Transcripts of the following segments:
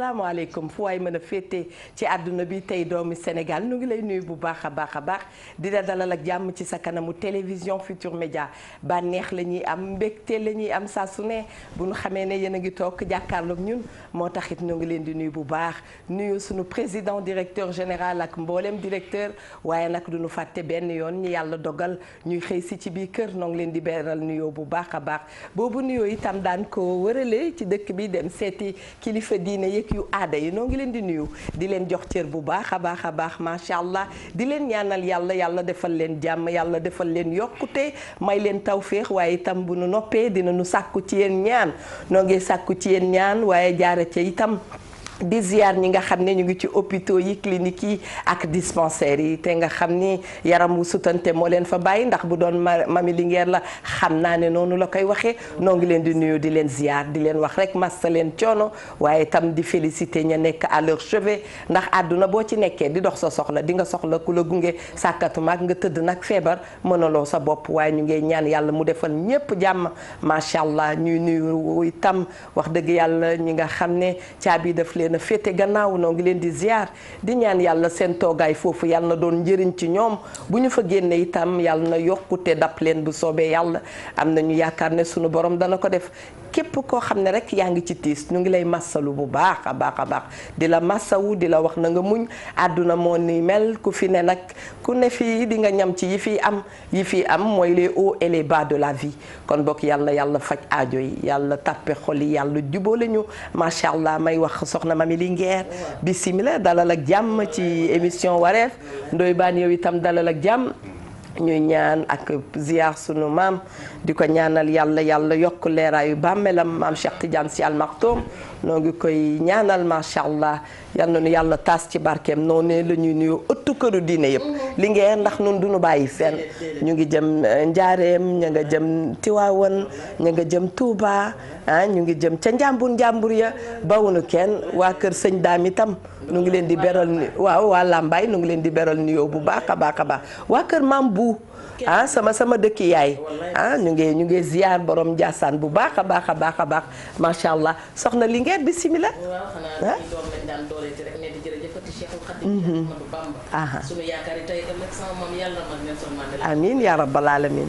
asalaamaaleykum fu waay mën a féete ci àdduna bi tey doomi Sénégal nu ngi lay nuyu bu baax a baax a baax di la dalal ak jàmm ci sa kanamu télévision Futur Média bànneex la ñuy am mbégte la ñuy am saa su ne bu ñu xamee ne yéen a ngi toog jàkkaarlook ñun moo tax it nu ngi leen di nuyu bu baax nuyu suñu président directeur général ak mbooleem directeur waaye nag du fàtte benn yoon ñu yàlla dogal ñuy xëy si ci biir kër noo ngi leen di beral nuyoo bu baax a baax boobu nuyoo itam daan ko wërale ci dëkk bi dem seeti kilifa diine yi yeeg yu aada yi noo ngi leen di nuyu di leen jox cër bu baax a baax a baax macha allah di leen ñaanal yàlla yàlla defal leen jàmm yàlla defal leen yokkute may leen tawféex waaye itam bu nu noppee dina nu sàkku ci yéen ñaan noo ngi sàkku ci yéen ñaan waaye jaare ca itam di ziar ñi nga xam ne ñu ngi ci hôpitaux yi cliniques yi ak dispensaires yi te nga xam ni yaram wu sutante moo leen fa bàyyi ndax bu doon mami Linguère la xam naa ne noonu la koy waxee noo ngi leen di nuyu di leen ziar di leen wax rek massa leen coono waaye tam di féliciter ña nekk à leur ndax àdduna boo ci nekkee di dox sa soxla di nga soxla ku la gunge sàkkatumaak nga tëdd nag feebar mënaloo sa bopp waaye ñu ngi ñaan yàlla mu defal ñépp jàmm macha allah ñuy nuyu itam wax dëgg yàlla ñi nga xam ne caabi daf leen leen a féete gannaaw noo ngi leen di ziar di ñaan yàlla seen toogaay foofu yàlla doon njëriñ ci ñoom bu ñu fa génne itam yàlla na yokkute dapp leen bu soobee yàlla am na ñu yaakaar ne suñu borom dana ko def képp koo xam ne rek yaa ngi ci tiis ñu ngi lay massalu bu baax a baax a baax di la massawu di la wax na nga muñ àdduna moo ni mel ku fi ne nag ku ne fii di nga ñam ci yi fi am yi fi am mooy les hauts et de la vie kon bokk yàlla yàlla faj aajo yi yàlla tàppe xol yàlla jubóole ñu macha allah may wax Mami Linguère bisimilah dalal ak jàmm ci émission wareef Ndoye Bane yow itam dalal ak jàmm ñu ñaan ak ziar sunu maam di ko ñaanal yàlla yàlla yokk leeraayu bàmmeelam maam Cheikh Tidiane Sy Al Maktoum noo ngi koy ñaanal macha allah yal yàlla taas ci barkeem noonu la ñuy nuyoo ëttu këru diine yëpp li ngeen ndax nun duñu bàyyi fenn ñu ngi jëm eh, njaareem ña nga jëm Tiwaawan ña nga jëm Touba ah ñu ngi jëm ca njàmbur njàmbur ya bawunu kenn waa kër sëñ daam itam nu ngi leen di beral waaw waa Lambaay nu ngi leen di beral nuyoo bu baax a baax a baax waa kër maam bu ah sama sama dëkk yaay ah ñu ngi ñu ngi ziar borom Ndiassane bu baax a baax a baax a baax macha allah soxna li bi bisimilah. waaw xanaa li ah. mhm. yaa rabbal alamin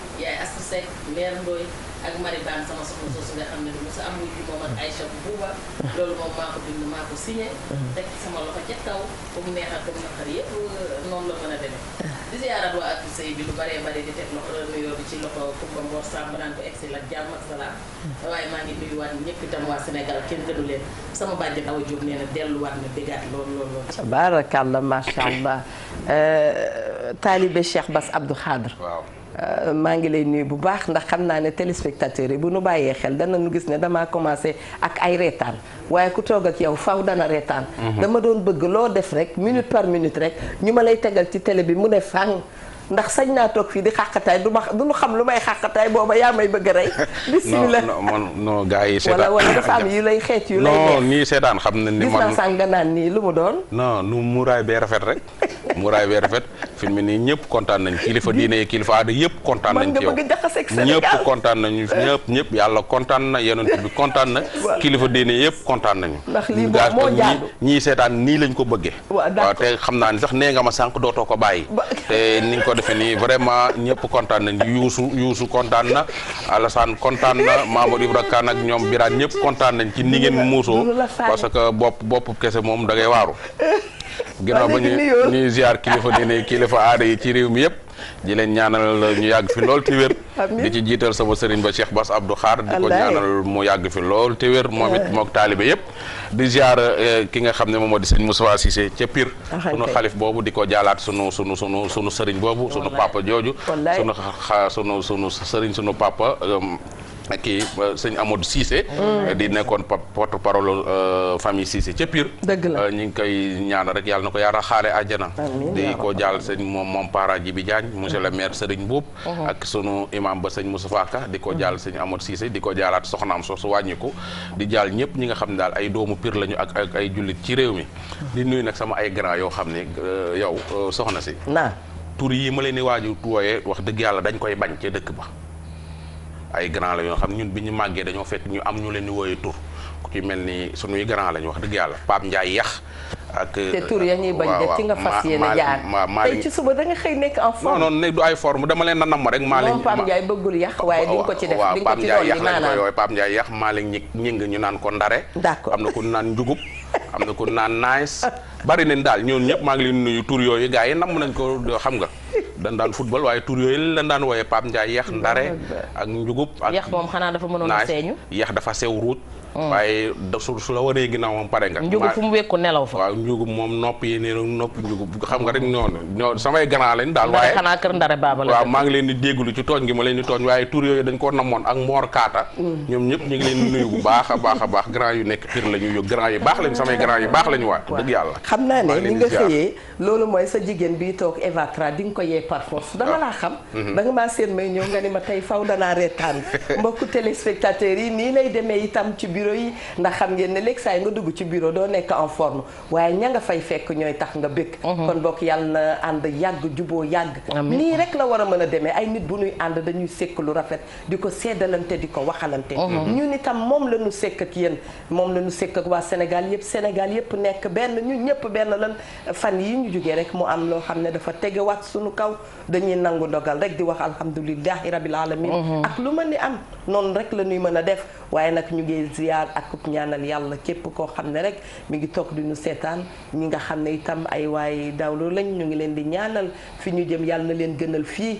ji ay euh, a euh, ci loxo Koumba Mbour Samb naan ko egsi ak jàmm ak salaam waaye maa ngi nuyuwaat ñëpp itam waa Sénégal kenn gënu leen sama bàjjen Awa Diop nee delluwaat na déggaat lool lool lool barakallah macha allah euh, taalibe Cheikh Bass Abdou Khadre Euh, maa ngi lay nuyu bu baax ndax xam naa ne téléspectateurs yi bu nu bàyyee xel dana danañu gis ne damaa commencé ak ay reetaan waaye ku toog ak yow faw dana reetaan. Mhm. dama doon bëgg loo def rek minute par minute rek ñu ma lay tegal ci télé bi mu ne fang. ndax sañ naa toog fii di xàqataay du ma du ñu xam lu may xàqataay booba yaa may bëgg a rey. bisimilah non non non gars yi seetaan wala lay xeet yu lay non nii xam na ni man gis naa nii lu mu doon. non nu muuraay bee rafet rek muuraay bee rafet fi mu nii ñëpp kontaan nañ kilifa diine yi kilifa aada yëpp kontaan nañ ci yow mën ñëpp kontaan nañu ñëpp ñëpp yàlla kontaan na yonent bi kontaan na kilifa diine yëpp kontaan nañu. ndax lii ñii seetaan nii lañ ko bëggee. waaw te xam naa ni sax nee nga ma sànq dootoo ko bàyyi te ni nga wo defee nii vraiment ñëpp kontaan nañ yuusu yuusu kontaan na Alassane kontaan na Mamadou di Kane ak ñoom Birane ñëpp kontaan nañ ci ni ngeen muusoo parce que bopp bopp kese moom dangay ngay waaru ginnaaw ba ñu ñuy ziar kilifa diine kilifa yi ci réew mi di leen ñaanal ñu yàgg fi lool te wér di ci jiital sama sëriñ ba Cheikh Bass Abdou Khar di ko ñaanal mu yàgg fi lool te wér moom it mook taalibe yëpp di ziar eh, ki nga xam ne moom moo di sëriñ Moussa Cissé ca Pire ah, sunu xalif boobu di ko jaalaat su sunu su sunu sëriñ boobu sunu papa jooju sunu sunu sunu sëriñ sunu papa um, kii euh, sëñ Amadou Cissé. Mm. di nekkoon porte parole euh, famille Cissé ca Pire. dëgg euh, ñu ngi koy ñaanal rek yàlla na ko yàlla xaale àjjana. di ko jaal sañ moom moom paraa ji bi Diagne monsieur le maire Serigne Boub. Mm-hmm. ak sunu imam ba sëñ Moustapha Ka di ko jaal sëñ Amadou Cissé di ko jaalaat soxnaam soo su wàññiku di jaal ñëpp ñi nga xam ne daal ay doomu piir lañu ak ak ay jullit ci réew mi. Mm-hmm. di nuyu nag sama ay grand yoo xam ne yow soxna si. tur yi ma leen di waaju wooyee wax dëgg yàlla dañ koy bañ ca dëkk ba. ay grand la ñoo xam ñun bi ñu màggee dañoo fekk ñu am ñu leen di wooyee tur ku ci mel ni sunuy grand lañu wax dëgg yàlla Pape Ndiaye yax te tur ya ñuy bañ def ci nga fas yéene jaar tey ci suba da nga xëy nekk en forme non non nekk du dama leen na nam rek maa leen Pape Ndiaye bëggul yax waaye di nga ko ci def waaw Pape Ndiaye yax lañ koy wooye Pape Ndiaye yax maa leen ñi ñing ñu naan ko ndare d'accord am na ku naan njugub am na ku naan nice bari nañ daal ñoon ñëpp maa ngi leen nuyu tur yooyu gars yi namm nañ ko xam nga dan daan football waaye tur yooyu lañ daan wooyee Pape Ndiaye yeex ndare ak njugub ak yeex moom xanaa dafa mënoon a seeñu yeex dafa sew ruuj Oh. waaye su su la waree ginnaawam pare nga. njugu fu mu wekku nelaw fa. waaw njugu moom nopp yi nee na nopp njugu xam nga rek ñoonu ñoo samay gannaaw lañ daal. waaye xanaa mm. a a grand yu baax lañ samay grand yu baax lañ waa dëgg yàlla. xam naa ne ni nga xëyee loolu mooy sa jigéen bi toog Evatra di nga ko yee par force laa xam mm-hmm. da maa seen may ñëw nga ni ma tey faw danaa reetaan mbokku téléspectateurs yi nii lay demee itam ci biir bureau yi ndax xam ngeen ne léegi saa yi nga dugg ci bureau doo nekk en forme waaye ña nga fay fekk ñooy tax nga bëgg mhm. kon bokk yàlla na ànd yàgg juboo yàgg nii rek la war a mën a demee ay nit bu ñuy ànd dañuy sekk lu rafet di ko seddalante di ko waxalante mhm. ñun itam moom la ñu sekk ak moom la ñu sekk waa Sénégal yëpp Sénégal yëpp nekk benn ñun ñëpp benn lan fan yi ñu jógee rek mu am loo xam ne dafa tegewaat suñu kaw dañuy nangu ndogal rek di wax alhamdulilahi rabil alamin mhm. ak lu mën di am noonu rek la ñuy mën a def waaye nag ñu ngi ziar ak ñaanal yàlla képp koo xam ne rek mu ngi toog di seetaan ñi nga xam ne itam ay waaye dawlu lañ ñu ngi leen di ñaanal fi ñu jëm yàlla na leen gënal fii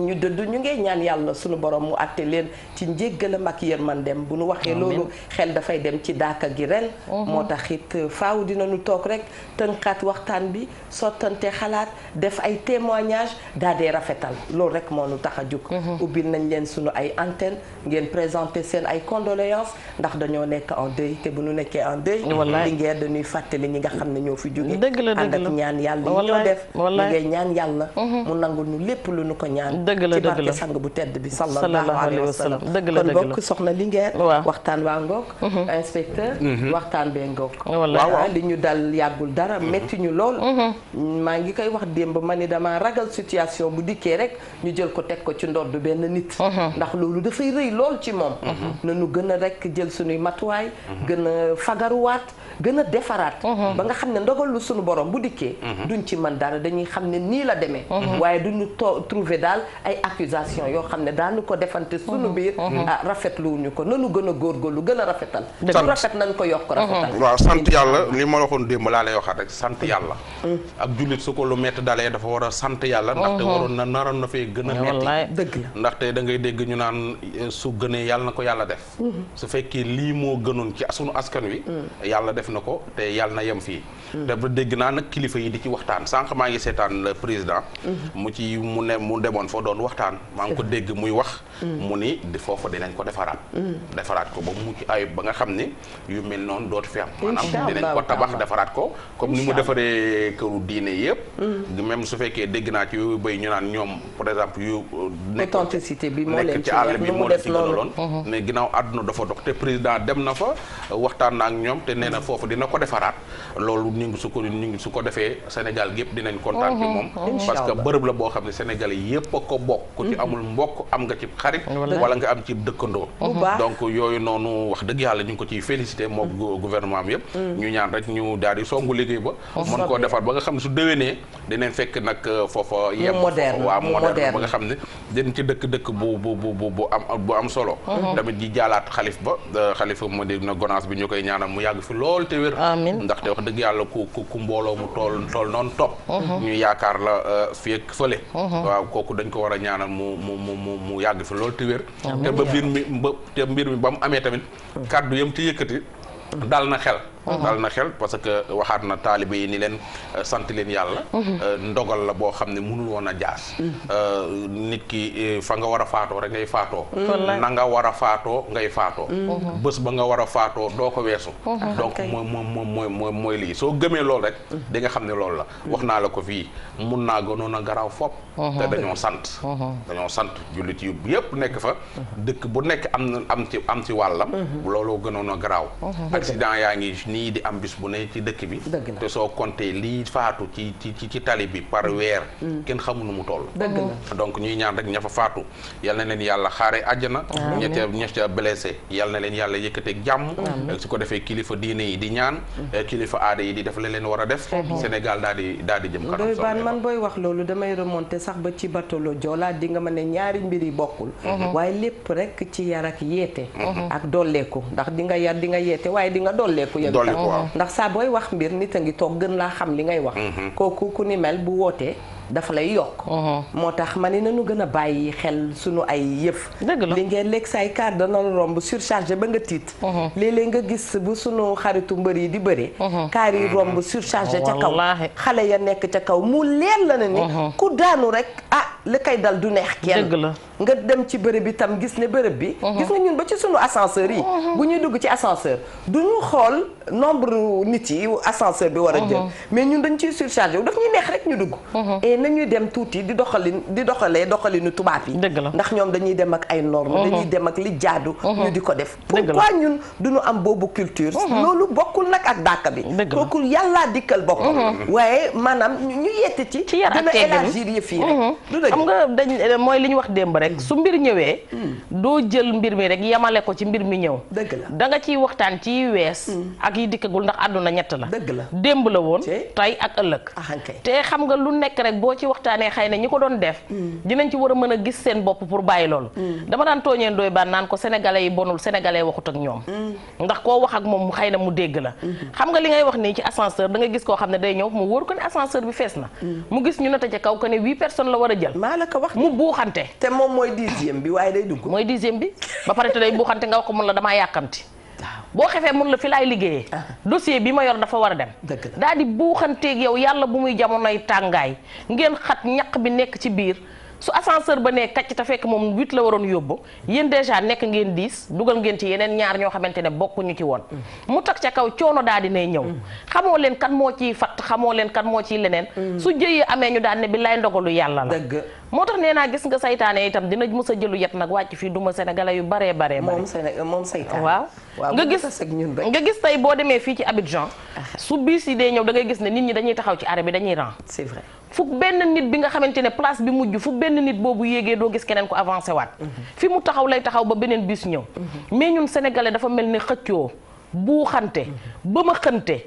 ñu dëdd ñu ngey ñaan yàlla suñu borom mu àtte leen ci njéggalam ak dem bu nu waxee loolu xel dafay dem ci dàq gi ren mhm. moo tax it euh, faaw dinañu toog rek tënkaat waxtaan bi sottante xalaat def ay témoignage daal dee rafetal loolu rek moo nu tax a jóg mhm. ubbil nañ leen suñu ay antenne ngeen présenter seen ay condoléances ndax dañoo nekk en deuil te bu nu nekkee en deuil li ngeen dañuy fàttali ñi nga xam ne ñoo fi jóge ànd ak ñaan yàlla yi ñoo def dëgg la dëgg la ci barke sang bu tedd bi sallallahu alayhi wa sallam dëgg la dëgg la kon bokk soxna waxtaan waa ngoog mhm. inspecteur mhm. waxtaan ñu dal yàggul dara métti mhm. ñu maa ngi koy wax démb ma ni dama ragal situation bu dikkee rek ñu jël ko teg ko ci ndodd benn nit ndax loolu dafay rëy lool ci moom nañu gën a rek jël suñuy matuwaay gën a gën a defaraat ba nga xam ne ndogalu suñu borom bu dikkee duñ ci mën dara dañuy xam ne nii la demee waaye duñu trouver daal ay accusation yoo xam ne ñu ko defante suñu biir ah rafetluwuñu ko nanu gën a góorgóorlu gën a rafetal lu rafet nañ ko yokk rafetal waaw sant yàlla li ma waxoon démb laa lay waxaat rek sant yàlla mm. ak jullit su ko lu metti dalee dafa war a sant yàlla ndaxte waroon na naroon na fee gën a metti dëgg la ndaxte dangay dégg ñu naan eh, su gënee yàlla na ko yàlla def su fekkee lii moo gënoon ci suñu askan wi mm. yàlla def na ko te yàlla na yem fii dafa dégg naa nag kilifa yi di ci waxtaan sànq maa ngi seetaan le président mhm. mu ci mu ne mu demoon fa doon waxtaan maa ngi ko dégg muy wax mhm. mu ni di foofu dinañ ko defaraat mhm. defaraat ko ba mu ci ayib ba nga xam ni yu mel noonu dootu fi tabax defaraat ko comme ni mu defaree këru diine yëpp même su fekkee dégg naa yu bay ñu naan ñoom par exemple yu authenticité bi moo leen ci àll bi moo leen ci gënaloon mais ginnaaw àdduna te président dem na fa waxtaan ak ñoom te na foofu dina ko defaraat ñu ngi su ko ñu ngi su ko defee Sénégal gépp dinañ kontaan ci mhm. moom mhm. parce que bërëb la boo xam ne Sénégalais yépp a ko bokk ku ci mhm. amul mbokk am nga ci xarit wala nga am ci dëkkandoo donc yooyu noonu wax dëgg yàlla ñu ngi ko ciy félicité moom gouvernement bi yépp ñu ñaan rek ñu daal di songu liggéey ba mën koo defar ba nga xam ne su déwénee dinañ fekk nag euh, foofa yem waaw moderne ba nga xam ne dinañ ci dëkk dëkk bu bu bu bu am bu am solo tamit di jaalaat xalif ba xalif ma di ku ku mbooloo mu tool tool noonu topp uh-huh. ñu yaakaar la euh, fii ak fële uh-huh. waaw kooku dañ ko war a ñaanal mu mu mu mu yàgg fi loolu te te ba mbir mi ba te mbir mi ba amee tamit mm. kàddu yam ci yëkkati mm. dal na xel dal na xel parce que waxaat na taalibe yi ni leen euh, sant leen yàlla euh, ndogal la boo xam ne mënul woon a jaas euh, nit ki fa nga war a faatoo rek ngay faatoo mmh. na nga war a faatoo ngay faatoo mmh. bës ba nga war a faatoo doo ko weesu donc moom moom moom mooy mooy mooy lii soo gëmee loolu rek mmh. di nga xam ne loolu la wax naa la ko fii mun naa gënoon a garaaw fopp te dañoo sant dañoo sant jullit yu yëpp nekk fa dëkk bu nekk am na am ci am ci wàllam looloo gënoon garaaw accident yaa ngi nii di am bis bu ne ci dëkk bi te soo compté lii faatu ci ci ci tali bi par mm. weer mm. kenn xamu nu mu toll mm. donc ñuy ñaan rek ña fa faatu yal na leen yàlla xaare àjjana ña ca ña ca blessé yal na leen yàlla yëkkateeg jàmm eh, su ko defee kilifa diine yi di ñaan eh, kilifa aada yi di def la leen war a def Sénégal daal di daal di jëm kanam doy baan man booy wax loolu damay remonté sax ba ci batolo Joola di nga ne ñaari mbir yi bokkul mm-hmm. waaye lépp rek ci yar ak yeete mm-hmm. ak dolleeku ndax di yar di yeete waaye dolli ndax saa booy wax mbir nit a ngi toog gën laa xam li ngay wax. Mhm. kooku ku ni mel bu wootee dafa lay yokk. moo tax ma ne nañu gën a bàyyi xel sunu ay yëf. li ngeen lekk say kaar dana romb surchargé ba nga tiit. léeg-léeg nga gis bu sunu xaritu mbër yi di bëre. kaar yi romb surchargé ca kaw xale ya nekk ca kaw mu leen la ne ni. ku daanu rek ah li koy dal du neex kenn. nga dem ci bërëb bi tam gis ne bërëb bi. gis nga ñun ba ci sunu ascenseur yi. bu ñuy dugg ci ascenseur du ñu xool nombre nit yi ascenseur bi war a jël. mais ñun dañ ciy surchargé wu daf ñuy mais nañuy dem tuuti di doxalin di doxalee doxalinu tubaab yi la ndax ñoom dañuy dem ak ay normes uh-huh. dañuy dem ak li jaadu uh-huh. ñu di ko def pourquoi ñun duñu am boobu culture uh-huh. loolu bokkul nag ak dàkk bi bokkul yàllaa dikkal boppam waaye maanaam ñu ci ci yar ak élargir yëf yi rek xam nga dañ eh, mooy li ñu wax démb rek su mbir ñëwee hmm. doo jël mbir mi rek yemale ko ci mbir mi ñëw da nga ciy waxtaan ci wees hmm. ak yi dikkagul ndax àdduna ñett la dëgg la démb la woon tey ak ëllëg te xam nga lu nekk rek boo ci waxtaanee xëy na ñi ko doon def dinañ ci war a mën a gis seen bopp pour bàyyi loolu dama daan tooñeen dooy baan naan ko sénégalais yi bonul sénégalais waxut ak ñoom ndax koo wax ak moom xëy na mu dégg la xam nga li ngay wax nii ci ascenseur da nga gis koo xam ne day ñëw mu war ko ne ascenseur bi fees na mu gis ñu nata ca kaw ko ne huit personnes la war a jël maa la ko wax mu buuxante te moom mooy dixième bi waaye day dugg mooy dixième bi ba pare te day buuxante nga ko mun la damaa yàkkamti boo xefee mun la fi laay liggéeyee ah. dossier bi ma yor dafa war a dem daal di buuxanteeg yow yàlla bu muy jamonoy tàngaay ngeen xat ñaq bi nekk ci biir su ascenseur ba nee kacc te fekk moom huit la waroon yóbbu yéen déjà nekk ngeen dix dugal ngeen ci yeneen ñaar ñoo xamante ne bokku ñu ci woon mm. mu tag ca kaw coono daal di nay ñëw mm. xamoo leen kan moo ciy fatt xamoo leen kan moo ciy leneen mm. su jëyee amee ñu daan ne bi lay ndogalu yàlla la moo tax nee naa gis nga saytaane itam dina mës a jëlu yet nag wàcc fii duma sénégalais yu bare bare moom saytaane waaw nga gis nga gis tey boo demee fii ci Abidjan ah. su biis yi dee ñëw da ngay gis ne nit ñi dañuy taxaw ci arrêt bi dañuy rang c'est fu benn nit bi nga xamante ne place bi mujj fu benn nit boobu yéegee doo gis keneen ko avancé waat mhm. fi mu taxaw lay taxaw ba beneen biis ñëw mhm. mais ñun sénégalais dafa mel ni xëccoo buuxante mhm. ba ma xante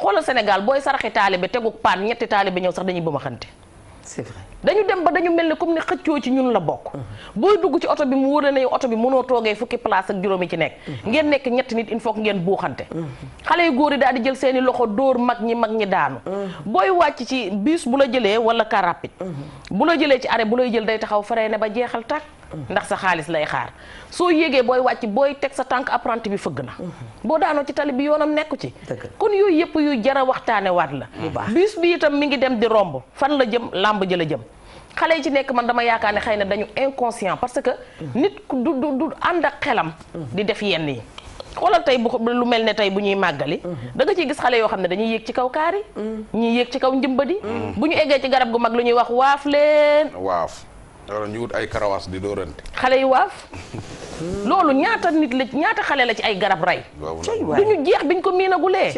xoolal Sénégal booy saraxi taalibe tegu paan ñetti taalibe ñëw sax dañuy ba ma xante c'est vrai dañu dem ba dañu mel ni comme ni xëccoo ci ñun la bokk. Mm-hmm. booy dugg ci oto bi mu wóor na yow oto bi mënoo toogee fukki place ak juróomi ci nekk. Mm-hmm. ngeen nekk ñett nit il faut ngeen buuxante. Mm-hmm. xale yu góor yi daal di jël seeni loxo dóor mag ñi mag ñi daanu. booy wàcc ci bus bu la jëlee wala car rapide. bu la jëlee ci arrêt bu lay jël day taxaw ne ba jeexal tàkk. ndax sa xaalis lay xaar soo yéegee booy wàcc booy teg sa tànk apprenti bi fëgg na boo daanoo ci tali bi yoonam nekku ci kon yooyu yëpp yu jara waxtaane waat la bis bi itam mi ngi dem di romb fan la jëm làmb ji la jëm xale yi ci nekk man dama yaakaar ne xëy na dañu inconscient parce que mm-hmm. nit du du du ànd ak xelam mm-hmm. di def yenn yi xoolal tey bu lu mel ne tey bu ñuy màggali mm-hmm. danga nga gis xale yoo xam ne dañuy yéeg ci kaw kaari ñuy yéeg ci kaw njëmbadi bu ñu eggee ci garab gu mag lu ñuy wax waaf leen waaf dara ñu wut ay karawaas di dóorante. xale yu waaf. loolu ñaata nit la ñaata xale la ci ay garab rey. du ñu jeex biñ ko miinagulee.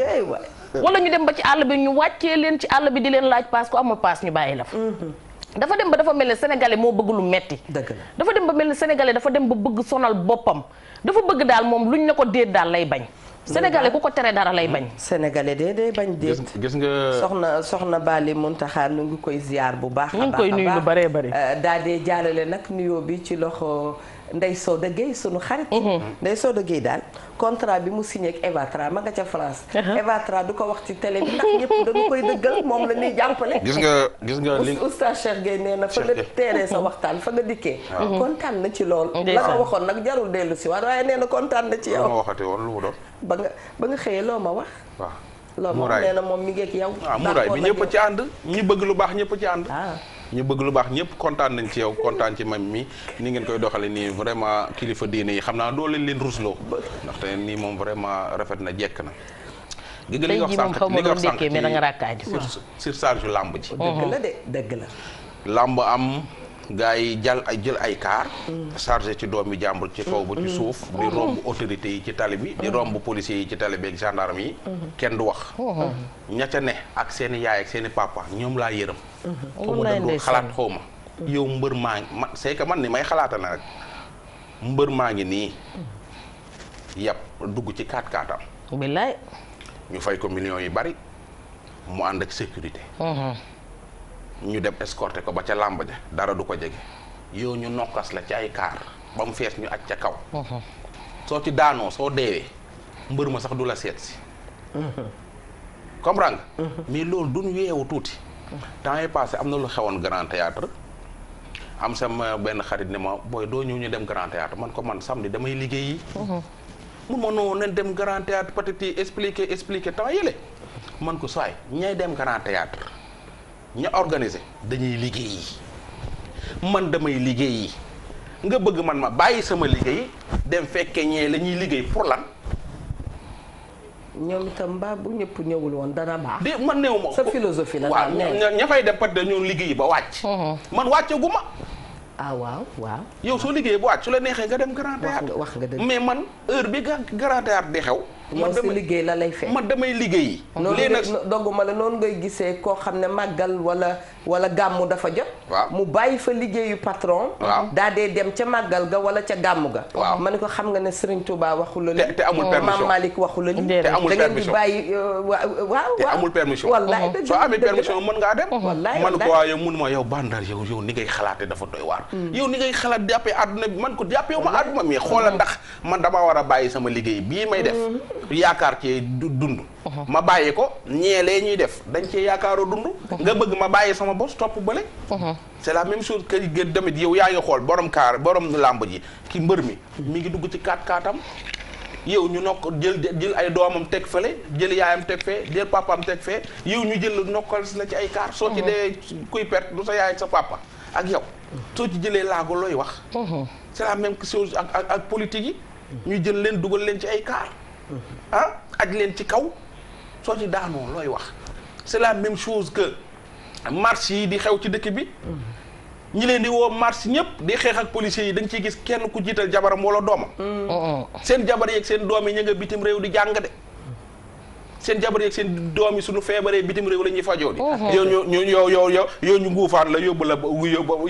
wala ñu dem ba ci àll bi ñu wàccee leen ci àll bi di leen laaj paas ku amul paas ñu bàyyi la fa. Mhm. dafa dem ba dafa mel ne sénégalais moo bëgg lu metti dafa dem ba mel ni sénégalais dafa dem ba bëgg sonal boppam dafa bëgg daal moom ñu ne ko déet daal lay bañ. sénégalais bu ko tere dara lay bañ. sénégalais de day bañ déet. gis nga soxna soxna Bali Muntaxa nu ngi koy ziar bu baax. ñu ngi koy nuyu lu bëree bëri. Euh, daa dee jaarale nag nuyoo bi ci loxo Ndeye Soda Gueye sunu xarit. Mhm. Ndeye Soda Gueye daal contrat bi mu signé ak Evatra ma nga ca France. Uh-huh. Evatra du ko wax ci télé bi ndax ñëpp dañu koy dëggal moom la ñuy jàppale. gis nga gis nga li oustaz Cheikh Gueye nee na fa nga teeree sa waxtaan fa nga dikkee. Mhm. kontaan na ci lool. la nga waxoon nag jarul dellu si waat waaye nee na kontaan na ci yow. waxate woon lu mu doon ba nga ba nga xëyee loo ma wax. waaw loo ma wax nee moom mi ngeeg yow. waaw muuraay bi ñëpp ci ànd ñi bëgg lu baax ñëpp ci ànd. Ah. ñu bëgg lu baax ñëpp kontaan nañ ci yow kontaan ci mam mi ni ngeen koy doxale nii vraiment kilifa diine yi xam naa doo leen leen rusloo ndaxte nii moom vraiment rafet na jekk na gi li nga wax sànq li nga wax sànq surcharge lamb ji dëgg la de dëgg la lamb am gars yi jàll ay jël ay kaar mm. chargé ci doom doomi jàmbur ci kaw bu ci mm. suuf di mm-hmm. romb autorités yi ci tali bi di mm-hmm. romb policiers yi ci tali bi ak gendarme yi mm-hmm. kenn du wax oh, oh. ña ne ak seen yaay ak seen i papa ñoom laa yërëm oh, xalaat xaw ma yow mbër maa man c'est man ni may xalaata na rek mbër maa ngi nii yàpp dugg ci kaat kaatam billaay ñu fay ko million yi bari mu ànd ak sécurité ñu dem escorté ko ba ca làmb ja dara du ko jege yow ñu nokkas la ci ay kaar ba mu fees ñu aj ca kaw uh-huh. soo ci daanoo soo deewee mbër ma sax du la seet si uh-huh. comprendre nga uh-huh. mais loolu duñ weewu tuuti temps yi passé am na lu xewoon grand théâtre am sama benn xarit ne ma booy doo ñëw ñu dem grand théâtre man ko man samedi damay liggéey yi mun ma noo nen dem grand théâtre peut-être expliquer expliquer temps yële man ko saay ñay dem grand théâtre ña organise dañuy liggéey man damay liggéey nga bëgg man ma bàyyi sama liggéey dem fekke ñee la ñuy liggéey pour lan. ñoom itam mbaa bu ñëpp ñëwul woon dana baax. de man néew ma sa philosophie la. waaw ña fay dem pat dañoo liggéey ba wàcc. Mhm. man wàccagu ma. ah waaw waaw. soo liggéeyee ba wàcc la neexee nga dem Grand Théâtre. wax nga dëgg mais man heure bi Grand Théâtre di xew. yow si liggéey la lay fekk man liggéey. lii nag dogguma la noonu ngay gisee koo xam ne màggal wala wala gàmmu dafa jot. waaw mu bàyyi fa liggéeyu patron. waaw daa dee dem ca màggal ga wala ca gàmmu ga. waaw ma ne ko xam nga ne Serigne Touba waxu la lii. te amul permission Maam Malick waxu la lii. te amul permission da ngeen di bàyyi euh, waaw waaw. te amul permission wallaay dëgg soo amee permission mën ngaa dem. wallaay man ko waaye mun ma yow bandar yow yow ni ngay xalaatee dafa doy waar. Hmm. yow ni ngay xalaat jàppee àdduna bi man ko jàppee ma àdduna mais xoolal hmm. ndax man dama war a bàyyi sama liggéey bii may def hmm. yaakaar cee dund ma bàyyi ko ñeelee ñuy def dañ ci yaakaaroo dund nga bëgg ma bàyyi sama bos topp bële c'est la même chose que gën tamit yow yaa ngi xool borom kaar borom làmb ji ki mbër mi mi ngi dugg ci kaat kaatam yow ñu nokk jël jël ay doomam teg fële jël yaayam teg fee jël papam teg fee yow ñu jël nokkal na ci ay kaar soo ci uh-huh. dee kuy perte du sa yaay sa papa ak yow uh-huh. soo ci jëlee laago looy wax uh-huh. c'est la même chose ak ak politique yi ñu jël leen dugal leen ci ay kaar ah aj leen ci kaw soo ci daanoo looy wax c'est la même chose que marche yi di xew ci dëkk bi ñi leen di woo marche ñëpp di xeex ak policiers yi dañ nga ciy gis kenn ku jiital jabaram wala doomam mm. oh, oh. seen jabar yeeg seen doom yi ñu nga réew di jàng seen jabar yeeg seen doom yi suñu feebaree bitim réew la ñuy fajoo di oh, yow ñu yow yow yow yow ñu nguufaan la yóbbu la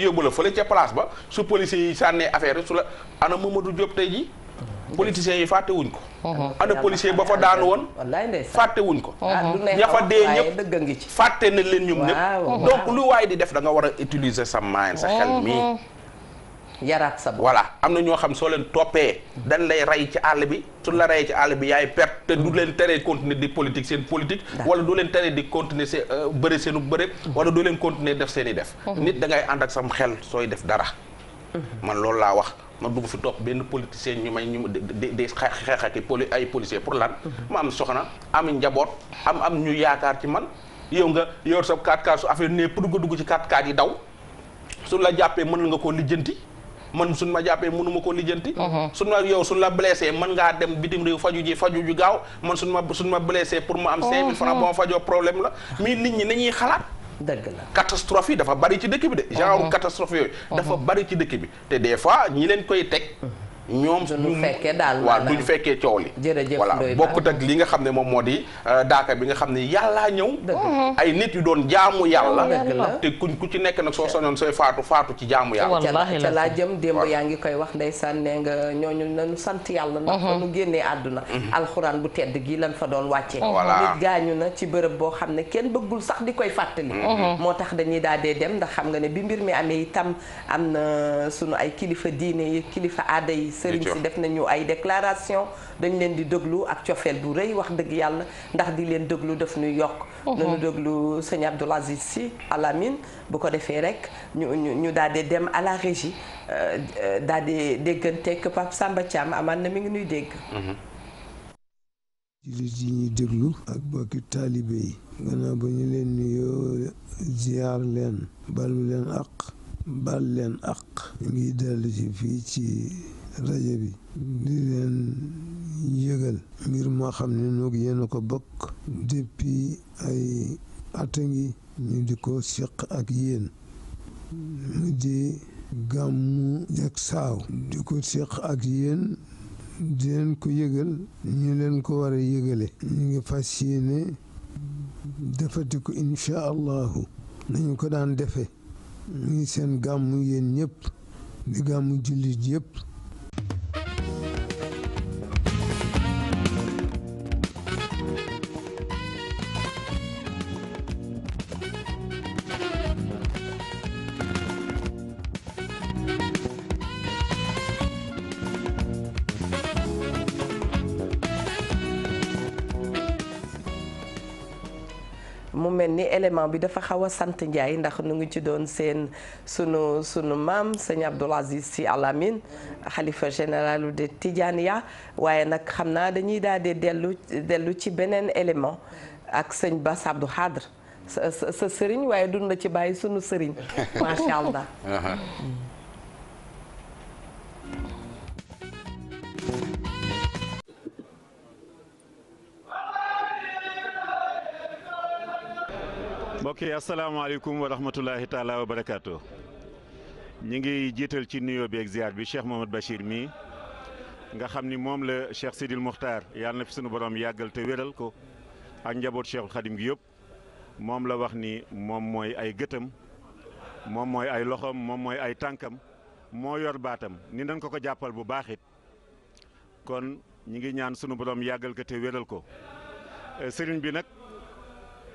yóbbu la fële ca place ba su policiers yi sànnee affaire su la ana Mamadou Diop tey ji politiciens yi fàttewuñ ko ko. ana policier ba fa daanu woon. fàtte wuñ ko. Ah, ña fa dee ñëpp fàtte na leen ñoom ñëpp. donc lu waay di def da nga war a utiliser sa mind sa xel mii. yaraat sa bopp am na ñoo xam soo leen toppee dañ lay rey ci àll bi su la rey ci àll bi yaay perte te du leen tere continuer di politique seen politique wala du leen tere di continuer seen euh, bëre seenu bëre mhm. wala du leen continuer def seen i def mhm. nit dangay ànd ak sam xel sooy def dara mhm. man loolu laa ma dugg fi topp benn politicien ñu may ñu di di xeexati poli ay policier pour lan mhm. ma am soxna am njaboot am am ñu yaakaar ci man yow nga yor sa 4K su affaire ne pour nga dugg ci 4K yi daw suñ la jàppee mën nga koo lijjanti man suñ ma jàppee mënu ma koo lijjanti mhm. suñ ma yow suñ la blessé man ngaa dem bitim réew faju ji faju ju gaaw man suñ ma suñ ma blessé pour ma am 5000 mhm. francs boo ma fajoo problème la mais nit ñi nañuy xalaat dëgg la catastrophe yi dafa bari ci dëkk bi de. genre uh-huh. catastrophe yooyu. dafa uh-huh. bari ci dëkk bi te des fois ñi leen koy teg. Uh-huh. ñoom duñu fekkee daal waaw duñu fekkee coow li voilà bokkut ak li nga xam ne moom moo di euh, daaka bi nga xam ne yàllaa ñëw mm-hmm. ay nit yu doon jaamu yàlla te kuñ ku ci nekk nag soo soñoon sooy faatu faatu ci jaamu yàlla ca laa jëm démb yaa ngi koy wax ndeysaan nee nga ñooñu nañu sant yàlla ndax fa mm-hmm. nu génnee àdduna mm-hmm. alxuraan bu tedd gi lan fa doon wàccee nit gaañu na ci bërëb boo xam ne kenn bëggul sax di koy fàttali moo tax dañuy daal dee dem ndax xam nga ne bi mbir mi amee itam am na sunu ay kilifa diine kilifa aada yi sëriñ si def nañu ay déclaration dañ leen di déglu ak cofeel bu rëy wax dëgg yàlla ndax di leen déglu daf ñuy yokk nañu déglu sëñ Abdoul Aziz si alamin bu ko defee rek ñu ñu ñu daal di dem à la régie euh, daal di dégganteeg Pape Samba amaan na mi ngi nuy dégg jullit ñuy déglu ak bokki taalibe yi nuyoo rajo bi di leen yëgal ngir moo xam ne noog yéen ko bokk depuis ay ata ngi ñu di ko seq ak yéen mu di gàmmu jag saaw di ko seq ak yéen di leen ko yëgal ñu leen ko war a yëgale ñu ngi fas yéene defati ko incha allahu ko daan defe muy seen gàmmu yéen ñëpp di gàmmu jullit yëpp événement bi dafa xaw a sant Ndiaye ndax nu ngi ci doon seen sunu sunu maam sëñ Abdoul Aziz Sy Al Amine xalifa général de Tidjaniya waaye nag xam naa dañuy daal de dellu dellu ci beneen élément ak sëñ Bass Abdou Khadre sa sëriñ waaye dund ci bàyyi sunu sëriñ macha allah. Uh-huh. Mm. mbokk yi asalaamaaleykum wa rahmatullahi taala wa barakaatu. ñi ngi jiital ci nuyoo bi ak bi Cheikh Mohamed Bachir mii nga xam ni moom la Cheikh Sidil Muxtaar yàlla na fi sunu borom yàggal te wéral ko ak njaboot Cheikhul Xadim gi yëpp moom la wax ni moom mooy ay gëtam moom mooy ay loxoom moom mooy ay tànkam moo yor baatam ni nañ ko ko jàppal bu baaxit kon ñi ngi ñaan sunu borom yàggal ko te wéral ko sëriñ bi nag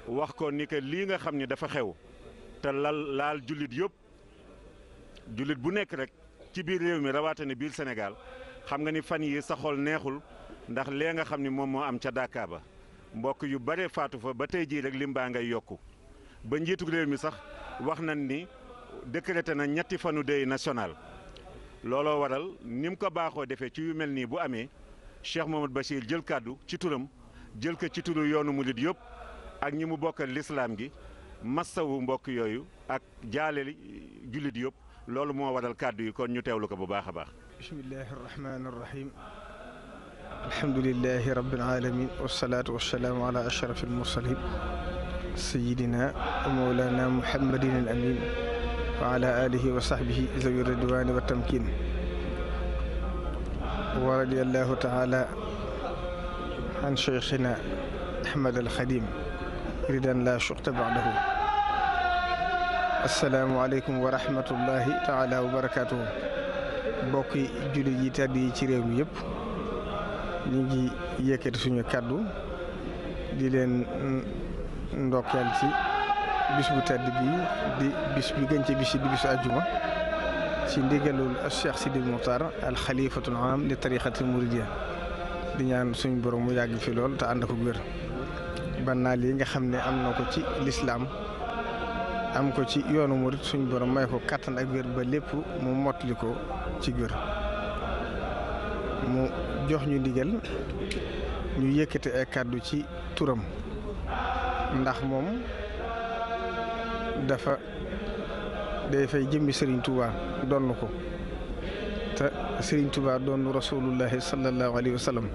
wax ko ni que lii nga xam ni dafa xew te lal laal jullit yëpp jullit bu nekk rek ci biir réew mi rawatina biir Sénégal xam nga ni fan yi sa xol neexul ndax lee nga xam ni moom moo am ca Dakar ba mbokk yu bare faatu fa ba tey jii rek lim baa ngay yokk ba njiitu réew mi sax wax nañ ni décrété na ñetti fanu deuil national looloo waral ni mu ko baaxoo defee ci yu mel nii bu amee Cheikh Mamadou Bachir jël kàddu ci turam jël ko ci turu yoonu murid yëpp ak ñi mu bokkal lislaam gi massawu mbokk yooyu ak jaale jullit yëpp loolu moo waral kàddu yi kon ñu teewlu ko bu baax a baax bismillahi arrahmani arrahim alhamdulilahi rabbil alamin wasalaatu wasalaamu ala ashraf almursalin sayidina mawlana muhammadin al amin wa ala alihi wa sahbihi zawi ridwani wa tamkin wa radiallahu taala an cheikhina ahmad al xadim ridan la shuqta baadahu asalaamualeykum wa rahmatullahi taala wa barakatuhu bokki jullit yi tedd yi ci réew mi yëpp ñu ngi yëkkati suñu kàddu di leen ndokkeel ci bis bu tedd bi di bis bi gën ci bis yi di bisu àjjuma ci ndigalul Cheikh Sidi Moukhtar al xalifatul am li tariqatil muridiya di ñaan suñu borom mu yàgg fi lool te ànd ko wér ba naal yi nga xam ne am na ko ci lislaam am ko ci yoonu murit suñ borom may ko kattan ak wér ba lépp mu mottali ko ci wér mu jox ñu ndigal ñu yëkkate ay kàddu ci turam ndax moom dafa day fay jëmmi Serigne Touba donn ko te Serigne Touba doon rasulullahi sallallahu alayhi wa sallam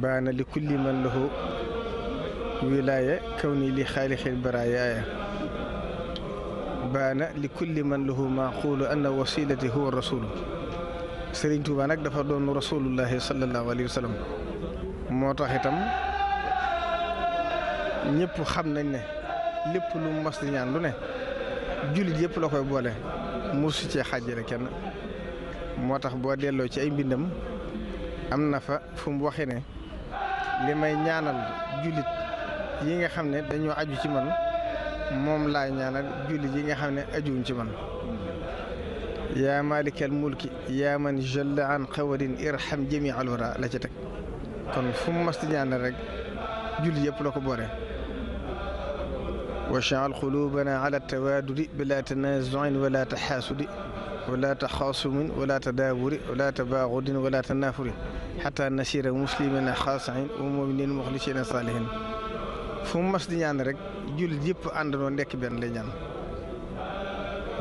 baana li kulli man lahu wilaaya kaw nii li xaalixil baraaya aya baana li kulli man lahu maaqulu anna wasilati huwa rasulu sëriñ Tuuba nag dafa doon rasulullahi sallallahu alayhi wa sallam moo tax itam ñëpp xam nañ ne lépp lu mu di ñaan lu ne jullit yépp la koy boole mosu cee xàjjale kenn moo tax boo delloo ci ay mbindam am na fa fu mu ne li may ñaanal jullit yi nga xam ne dañoo aju ci man moom laa ñaanal jullit yi nga xam ne ajuwuñ ci man yaa malikal mulki yaa man jalla an xawarin irham jami alwara la ci teg kon fu mu mas ñaanal rek jullit yëpp la ko boole wa chaal qulubana ala tawaadudi bila tanazuin wala taxaasudi wala taxaasumin wala tadaaburi wala tabaaxudin wala tanaafuri xataa nasira muslimina xaasiin wa muminin muxlisina saalihin fu mu mas di ñaan rek jullit yëpp àndandoo nekk benn lay ñaan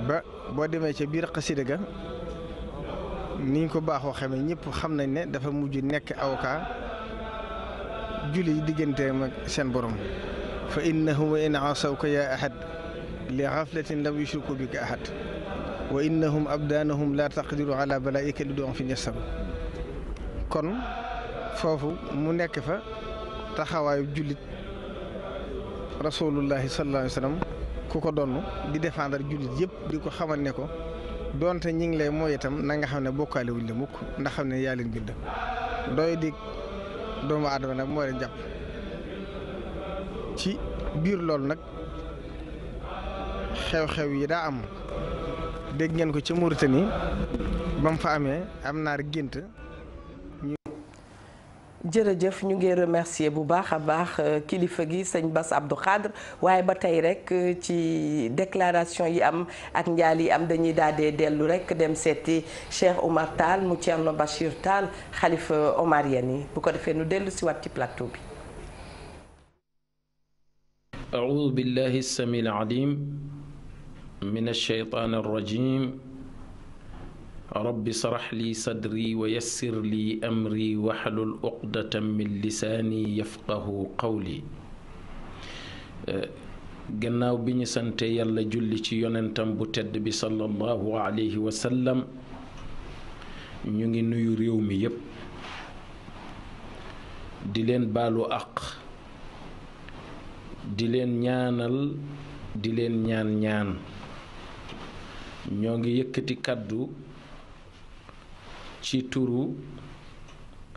ba boo demee ca biir xasida ga niñ ko baaxoo xamee ñëpp xam nañ ne dafa mujj nekk awkaa julli yi digganteem ak seen borom fa innahum in asawka yaa ahad li xaflatin lam yushriku bika ahad wa innahum abdaanahum laa taqdiru ala balaaika li doon fi ñesam kon foofu mu nekk fa taxawaayu jullit rasulullahi sallallahu alayhi wa sallam ku ko donn di défendre jullit yëpp di ko xamal ne ko donte ñi ngi lay mooy itam na nga xam ne bokkaale wuñ la mukk ndax xam ne yaa leen bind doy di doomu aadama nag moo leen jàpp ci biir loolu nag xew-xew yi daa am dégg ngeen ko ci Mauritanie ba mu fa amee am naar gént jërëjëf ñu ngi remercier bu baax a baax euh, kilifa gi sëñ Bass Abdou Khadre waaye ba tey rekk euh, ci déclaration yi am ak njaal yi am dañuy daal di dellu rekk dem seeti Cheikh Omar Tall mu Thierno Bachir Tall xalifa omarien yi bu ko defee nu dellu si waat ci plateau bi. min alsheytaan alrajim rabbi srax li sadri wa yassir li amri waxlul uqdatan min lisaani yafqahu qawli gannaaw bi ñu sante yalla julli ci yonentam bu tedd bi sallallahu alayhi wa ñu ngi nuyu réew mi yépp di leen baalu àq di leen ñaanal di leen ñaan ñaan ñoo ngi yëkkati kàddu ci turu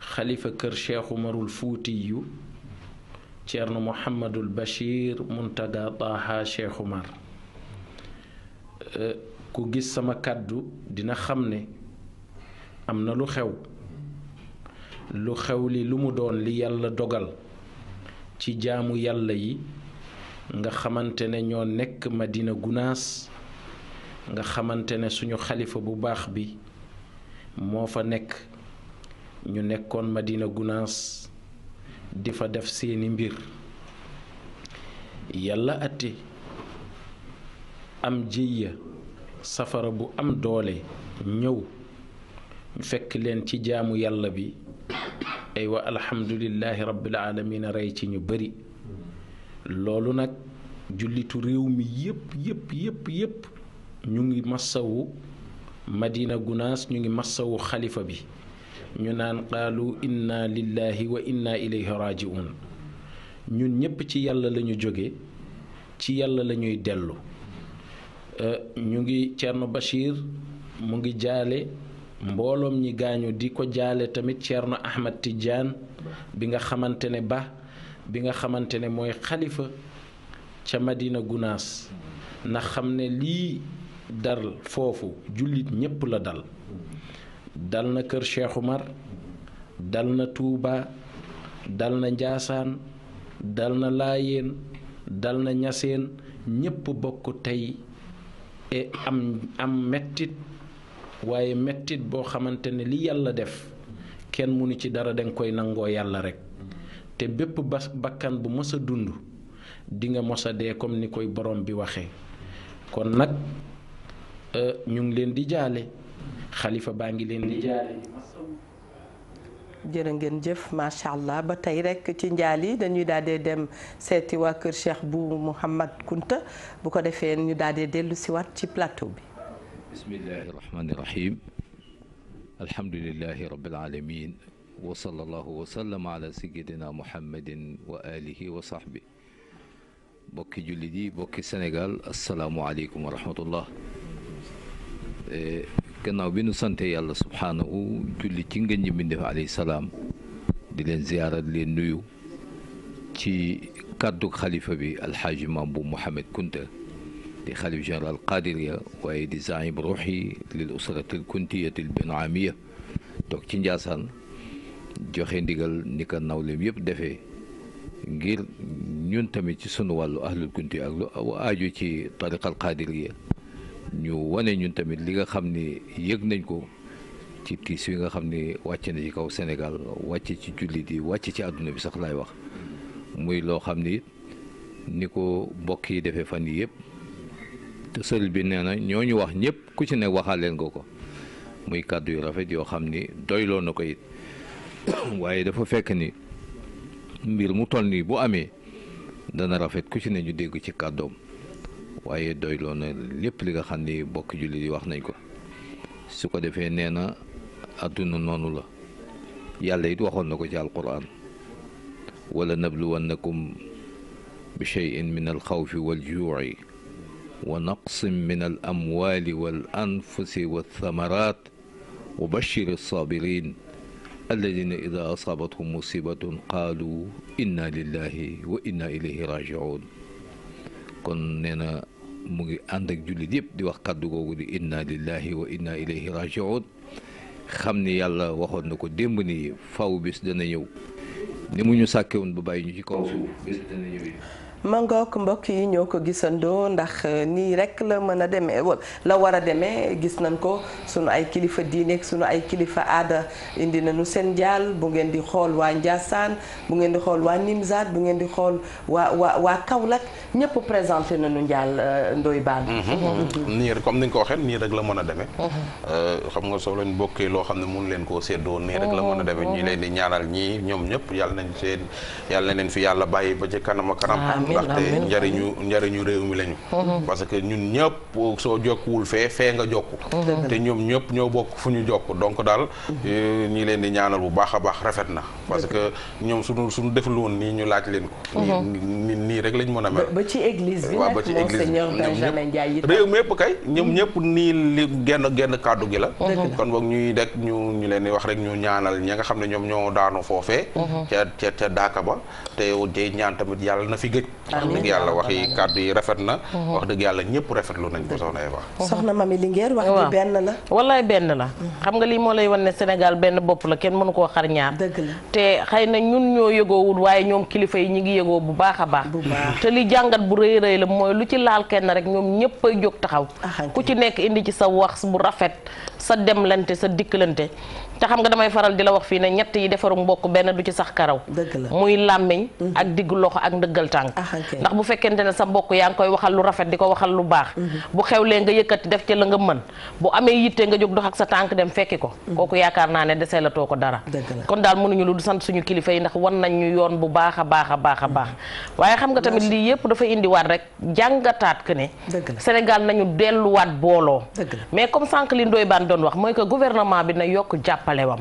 xalifa kër marul cheikh umarul fuutiyu ceerno muhammadul bashir muntaga taaha cheikh umar euh, ku gis sama kàddu dina xam ne am na lu xew lu xew li lu mu doon li yàlla dogal ci jaamu yàlla yi nga xamante ne ñoo nekk ma dina Gunaas nga xamante ne suñu xalifa bu baax bi moo fa nekk ñu nekkoon Madina Gunaas di fa def seeni mbir yàlla atti am jiya safara bu am doole ñëw fekk leen ci jaamu yàlla bi ay wa alhamdulillahi rabbil aalamiin rey ci ñu bari loolu nag jullitu réew mi yépp yépp yépp yépp ñu ngi massawu Madina Gunaas ñu ngi massawu xalifa bi ñu naan qaalu inna lillahi wa inna ilayhi rajiun ñun ñépp ci yàlla lañu jóge ci yàlla lañuy dellu euh, ñu ngi Thierno Bachir mu ngi jaale mbooloom ñi gaañu di ko jaale tamit Thierno Ahmad Tidiane bi nga xamante ne ba bi nga xamante ne mooy xalifa ca Madina Gunaas ndax xam ne lii dal foofu jullit ñépp la dal dal na kër Cheikh mar dal na tuuba dal na Njaasaan dal na Laayeen dal na Ñaseen ñépp bokk tey e am am mettit waaye mettit boo xamante ne li yàlla def kenn mënu ci dara danga koy nangoo yàlla rekk te bépp bas bakkan bu mësa a dund dinga mësa a dee comme ni koy borom bi waxe kon nag Euh, ñu ngi leen di jaale xalifa baa ngi leen ngeen jëf macha allah ba tey rek ci njaal dañuy daal di dem seeti waa kër Cheikh bu Mouhamad Kunta bu ko defee ñu daal di dellu si ci plateau bi. bismillahi rahmani rahim alhamdulilahi rabbil alamin wa sallallahu wa sallam ala sayyidina muhammadin wa alihi wa sahbi bokki jullit yi bokki Sénégal asalaamualeykum wa rahmatullah kannaaw eh, bi nu sante yàlla subhaanahu julli ci ngeen ñi mbindéef alayhi salaam di leen ziyaara di leen nuyu ci kàddug xalifa bi alxaaji maam bu Mouhamed Kunta di xalif général Qadiriya waaye di zaim ruuxi lil usratil kuntiyatil binaamiya toog ci njaasaan joxe ndigal ni ko nawleem yëpp defe ngir ñun tamit ci sunu wàllu ahlul kunti ak lu aju ci tariqal Qadiriya ñu wane ñun tamit li nga xam ni yëg nañ ko ci tiis wi nga xam ni wàcc na ci kaw senegal wàcc ci jullit yi wàcc ci àdduna bi sax laay wax muy loo xam ni ni ko mbokk yi defee fan yi yëpp te sëriñ bi nee na ñoo ñu wax ñëpp ku ci ne waxaal leen ko ko muy kàddu yu rafet yoo xam ni doyloo na ko it waaye dafa fekk ni mbir mu toll nii bu amee dana rafet ku ci ne ñu dégg ci kàddoom waaye doyloo na lépp li nga xam ni bokk julli yi wax nañ ko su ko defee nee na àdduna noonu la yàlla it waxoon na ko ci alquran wala nabluwannakum bi cheyin min al xawfi wal juuci wa naqsin min al amwaali wal wa thamaraat wa bashir alsabirin alladina ida asaabathum musibatun qaalu inna lillahi wa inna ilayhi rajiun kon nee na mu ngi ànd ak jullit yëpp di wax kàddu kooku di inna lillahi wa inna ilayhi rajiun xam ni yàlla waxoon na ko démb ni faw bis dana ñëw ni mu ñu sàkkewoon ba bàyyi ñu ci kaw suuf bis dana ñëw mangook mbokk yi ñoo ko gisandoo ndax euh, nii rek la mën a demee wala la war a deme gis nañ ko sunu ay kilifa diineeg sunu ay kilifa aada indi nañu seen jaal bu ngeen di xool waa Ndiassane bu ngeen di xool waa Nimzaat bu ngeen di xool waa waa waa Kaolack ñëpp présenté nañu njaal euh, ndoy baan mm-hmm. mm-hmm. nii rek comme ni nga ko waxee nii rek la mën a deme mm-hmm. euh, xam nga soo leen bokkee loo xam ne mun leen koo séddoo nii rek la mën a demee ñi leen di ñaanal ñii ñoom ñëpp yàlla nañ seen yàlla na leen fi yàlla bàyyi ba ndaxte njariñu njariñu réew mi lañu mm-hmm. que ñun ñëpp soo jokkuwul fee fee nga jokk mm-hmm. te ñoom ñëpp ñoo bokk fu ñu jokk donc daal mm-hmm. eh, ñi di ñaanal bu baax a baax rafet na parce que ñoom suñu suñu deful woon ñu laaj leen ko nii nii rek lañ mën a mel ba ci église bi ba ci église réew mi yëpp kay ñëpp nii li genn genn kàddu gi la kon boog ñuy rek ñu ñu leen di wax rek ñu ñaanal ña nga xam ne ñoom ñoo daanu foofee ca ca ca ba te ñaan tamit yàlla na fi gëj wax dëgg yàlla wax yi kàddu yi rafet na wax dëgg yàlla ñëpp rafetlu nañ ko soxna Eva soxna Mamy Linguère wax bi benn la xam nga lii moo lay wan ne Sénégal benn bopp la kenn mënu koo xar ñaar dëgg la te xëy na ñun ñoo yëgoowul waaye ñoom kilifa yi ñu ngi yëgoo bu baax a baax te li jàngat bu rëy rëy la mooy lu ci laal kenn rek ñoom ñëpp ay jóg taxaw ku ci nekk indi ci sa wax bu rafet sa demlante sa dikkalante te xam nga damay faral di la wax fii ne ñett yi defaru mbokk benn du ci sax karaw muy làmmiñ mhm. ak diggu loxo ak ndëggal tànk ah, ndax bu fekkente ne sa mbokk yaa ngi koy waxal lu rafet di ko waxal lu baax mhm. bu xewlee nga yëkkati def ci la nga mën bu amee yitte nga jóg dox ak sa tànk dem fekki ko mhm. kooku yaakaar naa ne desee la too ko dara kon daal mënuñu lu du sant suñu kilifa yi ndax wan nañ ñu yoon bu baax a baax a baax a baax waaye xam nga tamit lii yëpp dafa indiwaat rek jàngataat que ne Sénégal nañu delluwaat booloo mais comme Assane doon wax mooy que gouvernement bi na yokk jàppale wam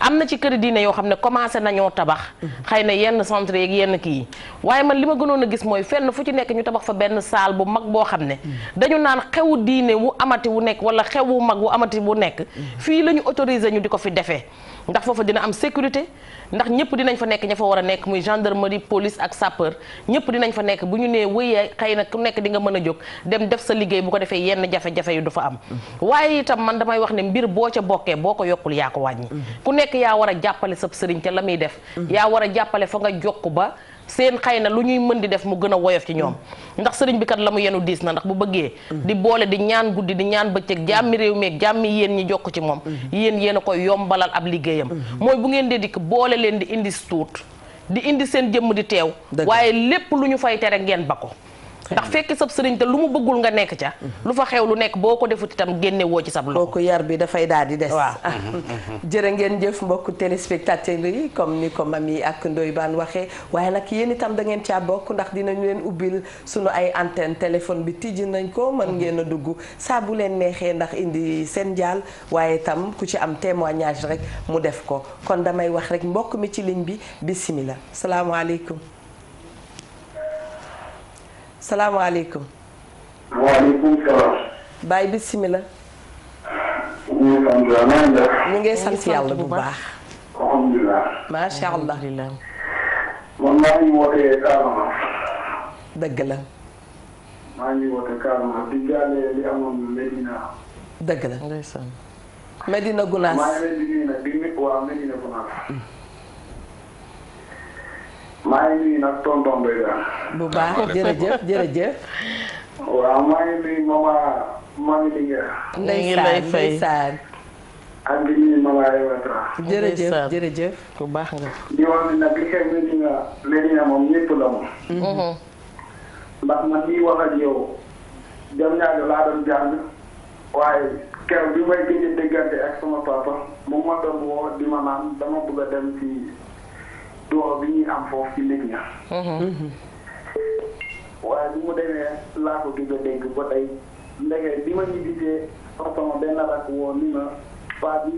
am na ci kër diine yoo xam ne commencé nañoo tabax xëy na yenn centre yeeg yenn kii yi waaye man li ma gënoon a gis mooy fenn fu ci nekk ñu tabax fa benn saal bu mag boo xam ne dañu naan xew diine wu amati wu nekk wala wu mag wu amati wu nekk fii la ñu autorisé ñu di ko fi defee ndax foofa dina am sécurité ndax ñëpp dinañ fa nekk ña fa war a nekk muy gendarmerie police ak sapeur ñëpp dinañ fa nekk bu ñu nee wéyee xëy na ku nekk dinga mën a jóg dem def sa liggéey bu ko defee yenn jafe-jafe yu du am waaye itam man damay wax ne mbir boo ca bokkee boo ko yokkul yaa ko wàññi ku nekk yaa war a jàppale sab sëriñ te la muy def mm-hmm. yaa war a jàppale fa nga jokk ba seen xëy na lu ñuy mën di def mu gën a woyof ci ñoom ndax sëriñ bi kat la mu yenu diis na ndax bu bëggee di boole di ñaan guddi di ñaan bëccëg jàmmi réew meeg jàmmi yéen ñi jokk ci moom yéen yéen a koy yombalal ab liggéeyam mooy bu ngeen dee dikk boole leen di indi suut di indi seen jëmm di teew waaye lépp lu ñu fay tere ngeen ba ko ndax fekk sab sëriñ te lu mu bëggul nga nekk ca mm-hmm. lu fa xew lu nekk boo ko defut itam génne woo ci sab loxo kooku yar bi dafay daal di des waaw jërë ngeen jëf mbokku téléspectateurs yi comme ni ko yi ak Ndoye Bane waxee waaye nag yéen itam da ngeen caa bokk ndax dinañu leen ubbil suñu ay antenne téléphone bi tijji nañ koo mën mm-hmm. ngeen a dugg saa bu leen neexee ndax indi seen jaal waaye itam ku ci am témoignage rek mu def ko kon damay wax rek mbokk mi ci ligne bi bisimilah salaamaaleykum salaamaaleykum. waaleykum salaam. Baye bisimilah. ñu ngi sant yàlla naa def. ñu ngi sant yàlla bu baax. alhamdulilah. macha allah. man maa ngi wootee Casamance. dëgg la. maa ngi wootee Casamance di jàllee li amoon Medina. dëgg la. ndeysaan. Medina Gunaas. maa ngi leen di nuyu nag di nuyu waa Medina Gunaas. maa ngi nuyu nag tonton Mbaye bu baax jërëjëf jërëjëf. waaw maa ngi nuyu mama mami Linguère. ndeysaan ndeysaan. ak di nuyu mama Ayewa Tra. jërëjëf jërëjëf bu baax nga. di wax ni nag li xew nga léegi na moom ñëpp la moom. Mm-hmm. ndax man mii wax ak yow. jam laa doon jàng waaye keroog bi may gëj a déggante ak sama papa mu ma doon woo di ma naan dama bëgg dem ci. doom bi ñuy am foofu ci nit ña. Mhm. waaye bi mu demee laa ko gis a dégg ba tey ndege bi ma ñibbisee sama benn rakk woo ni ma paa bi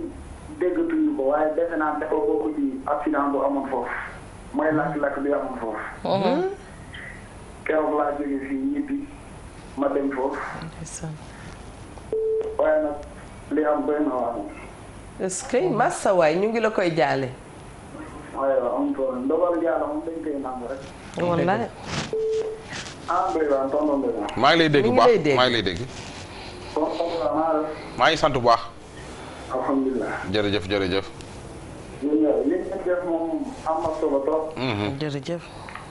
déggatuñu ko waaye defe naa dafa bokk ci accident bu amoon foofu mooy lakk-lakk bi amoon foofu. Mhm. Mhm. keroog laa jógee fii ñibbi ma dem foofu. waaye nag li am doy na waaw. est-ce que massa waay ñu ngi la koy jaale. aywa maa ngi lay dégg bu baax maa ngi lay dégg. maa sant bu baax. alhamdulilah. jërëjëf jërëjëf. li ngeen def moom am na solo trop. jërëjëf.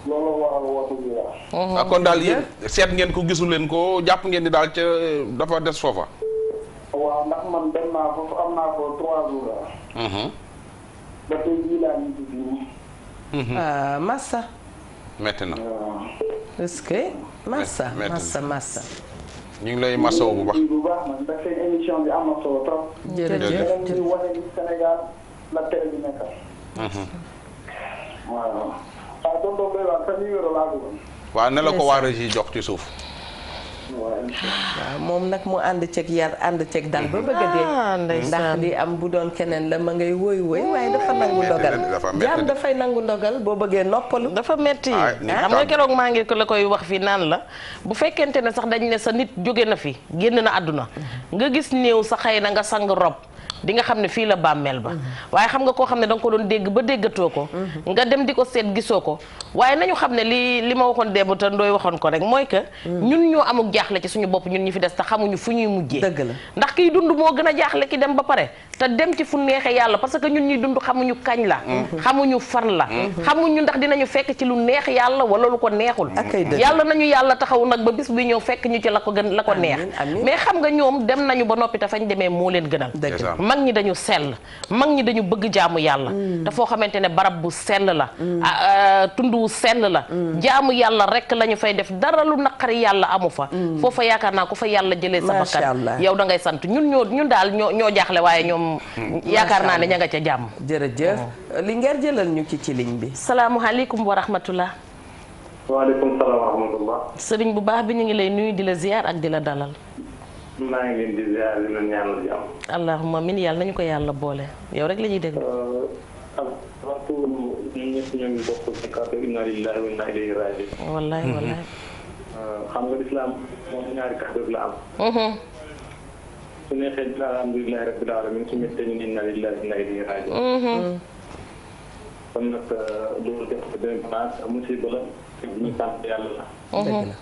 bi waaw. kon daal yéen seet ngeen ko gisul leen ko jàpp ngeen ni daal ca dafa des foofa. waaw ndax man dem naa foofu am naa ko trois jours. ba ah Massa. metti na. ce que. Massa Massa Massa. ñu ngi lay masawu bu bu baax man ndax seen émission bi am na solo la ko waa Régis jox ci suuf. waaw moom nag mu ànd ceeg yar ànd ceeg dal ba bëgg dee ah, ndax di am bu doon keneen la ma ngay woy woy waaye dafa nangu ndogal jaam dafay nangu ndogal boo bëggee noppalu dafa metti ah, xam nga keroog maa ngi ko la koy wax fii naan la bu fekkente ne sax dañ ne sa nit jóge na fi génn na àdduna nga gis néew sa xëy na nga sang rob di nga xam ne fii la bàmmeel ba mhm. waaye xam nga koo xam ne da nga ko doon dégg ba déggatoo ko mhm. nga dem di ko seet gisoo ko waaye nañu xam ne li li ma waxoon démb te ndooy waxoon ko rek mooy que mhm. ñun ñoo amuk jaaxle ci suñu bopp ñun ñu fi des te xamuñu fu ñuy mujjee dëgg la ndax kiy dund moo gën a jaaxle ki dem ba pare te dem ci fu neexee yàlla parce que ñun ñuy dund xamuñu kañ la xamuñu fan la xamuñu ndax dinañu fekk ci lu neex yàlla wala lu ko neexul yàlla nañu yàlla taxaw nag ba bis bi ñëw fekk ñu ci la ko gën la ko neex mais nga ñoom dem nañu ba noppi te fañ demee moo leen gënal mag ñi dañu sell mag ñi dañu bëgg jaamu yàlla mm. te foo xamante ne barab bu sell la mm. ah, ah, tund wu sell la mm. jaamu yàlla rek lañu fay def dara lu naqari yàlla amu fa foofa yaakaar naa ko fa yàlla jëlee sa bakkan yow da ngay sant ñun ñoo ñun daal ñoo ñoo jaaxle waaye ñoom yaakaar naa ne ña nga ca jàmm jërëjëf li ngeen jëlal ñu ci ci ligne bi salaamualeykum wa rahmatullah waaleykum sëriñ bu baax bi ñu ngi lay nuyu di la ziyaar ak di la dalal maa ngi leen di ziar di leen ñaanal jàmm. min yàlla nañu ko yàlla boole yow rek la ñuy déglu. Euh, ak waxtu ñun ñëpp ñoo ngi bokk ci kàddu inna lillahi wallahi mhm. wallahi. Euh, xam nga lislaam moom ñaari kàddu la am. Mhm. su neexee dina alhamdulillahi rabbil alamin su mettee ñu inna lillahi wa inna ilayhi raaji'un. Mhm. kon euh, musiba la ñu la.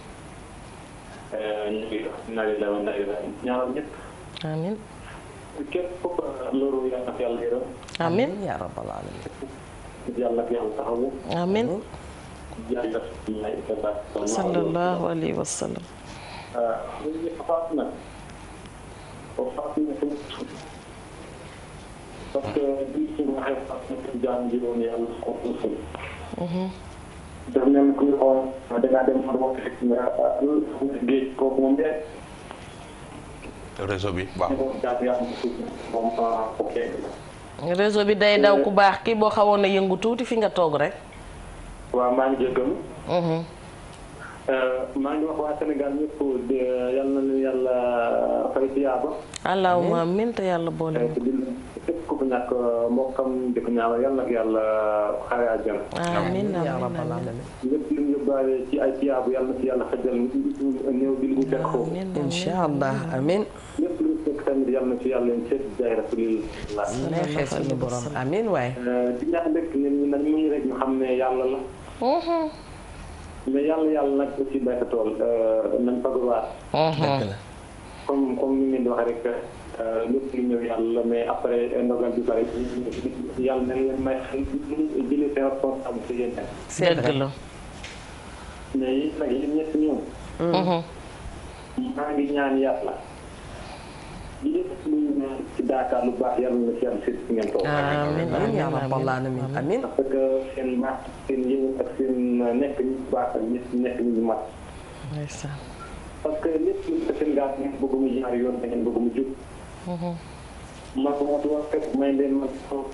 ñu ngi nari la nari la ñaanal ñëpp. amiin. képp ku loru yàlla ak yàlla yërëm. amiin yaa rabbal aalamiin. yàlla ak yàlla taxawu. amiin. yàlla na. sallallahu alayhi wa sallam. parce que daf ne réseau bi day daw ku baax kii boo xawoon a yëngu tuuti fi nga toog rek. waaw maa ngi jéggalu. maa ngi wax waa Sénégal ñëpp yàlla fay tiyaaba. yàlla boole. képp ku fi ñàkk uh, mbokkam di ko ñaanal yal na ko yàlla xaaree àjjana. amiin yaa rabbal aalamiin. lépp lu ñu baale ci ay tiyaabu yal na ci yàlla xajal néew bi lu ñu fekk foofu. incha allah amiin. lépp lu ñu fekk tamit yal na ci yàlla leen seet jaay rasulillah. neexee suñu borom amiin waaye. Uh, di ñaan rek ñun xam ne yàlla la. Mm-hmm. mais yàlla yàlla nag aussi béykat tool uh, nañ fagaruwaat. Mm-hmm. dëgg la lépp lu ñëw yàlla mais après ndogal bi bari yàlla na leen may xel jëlee seen responsabilité yéen tam. dëgg la. mais it nag yéen ñett ñoom. Mm-hmm. maa ngi ñaan yàlla. yëpp luy naan ci Dakar lu baax yàlla na ci am si ngeen toog. amiin amiin yaa rabbal aalamiin amiin. parce que seen mat seen yëngu ak seen nekk ñu baax ak ñett nekk ñu mat. parce que lépp lu seen gaas ngeen bëgg mu jaar yoon da ngeen bëgg mu jub. ma ko ma doon fekk may leen ma ko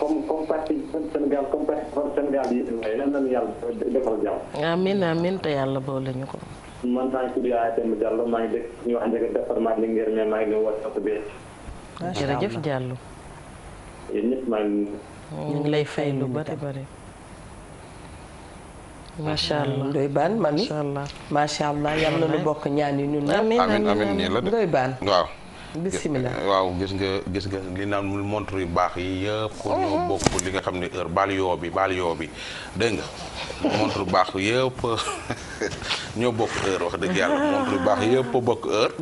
comme comme parti Sénégal comme parti Sénégal yi yal nañu yàlla defal jàmm. amiin amiin te yàlla boole ñu ko. man maa ngi tudd Yaaya Demba Diallo maa ngi dëkk ñu wax njëkk département Linguère mais maa ngi leen wax Fatou Beye. jërëjëf Diallo. yéen ñëpp maa ngi. ñu ngi lay fay lu bari bari. macha allah Ndoye Bane mami macha allah yal na nu bokk ñaan yi ñun. amiin amiin amiin nii la de Ndoye Bane waaw. bisimilah waaw gis nga gis nga li naan mu montre yu baax yi yëpp. ñoo mm-hmm. bokk li nga xam ne heure baal bi baal yoo bi dégg nga. baax yëpp ñoo bokk heure wax dëgg yàlla montre baax yëpp bokk heure.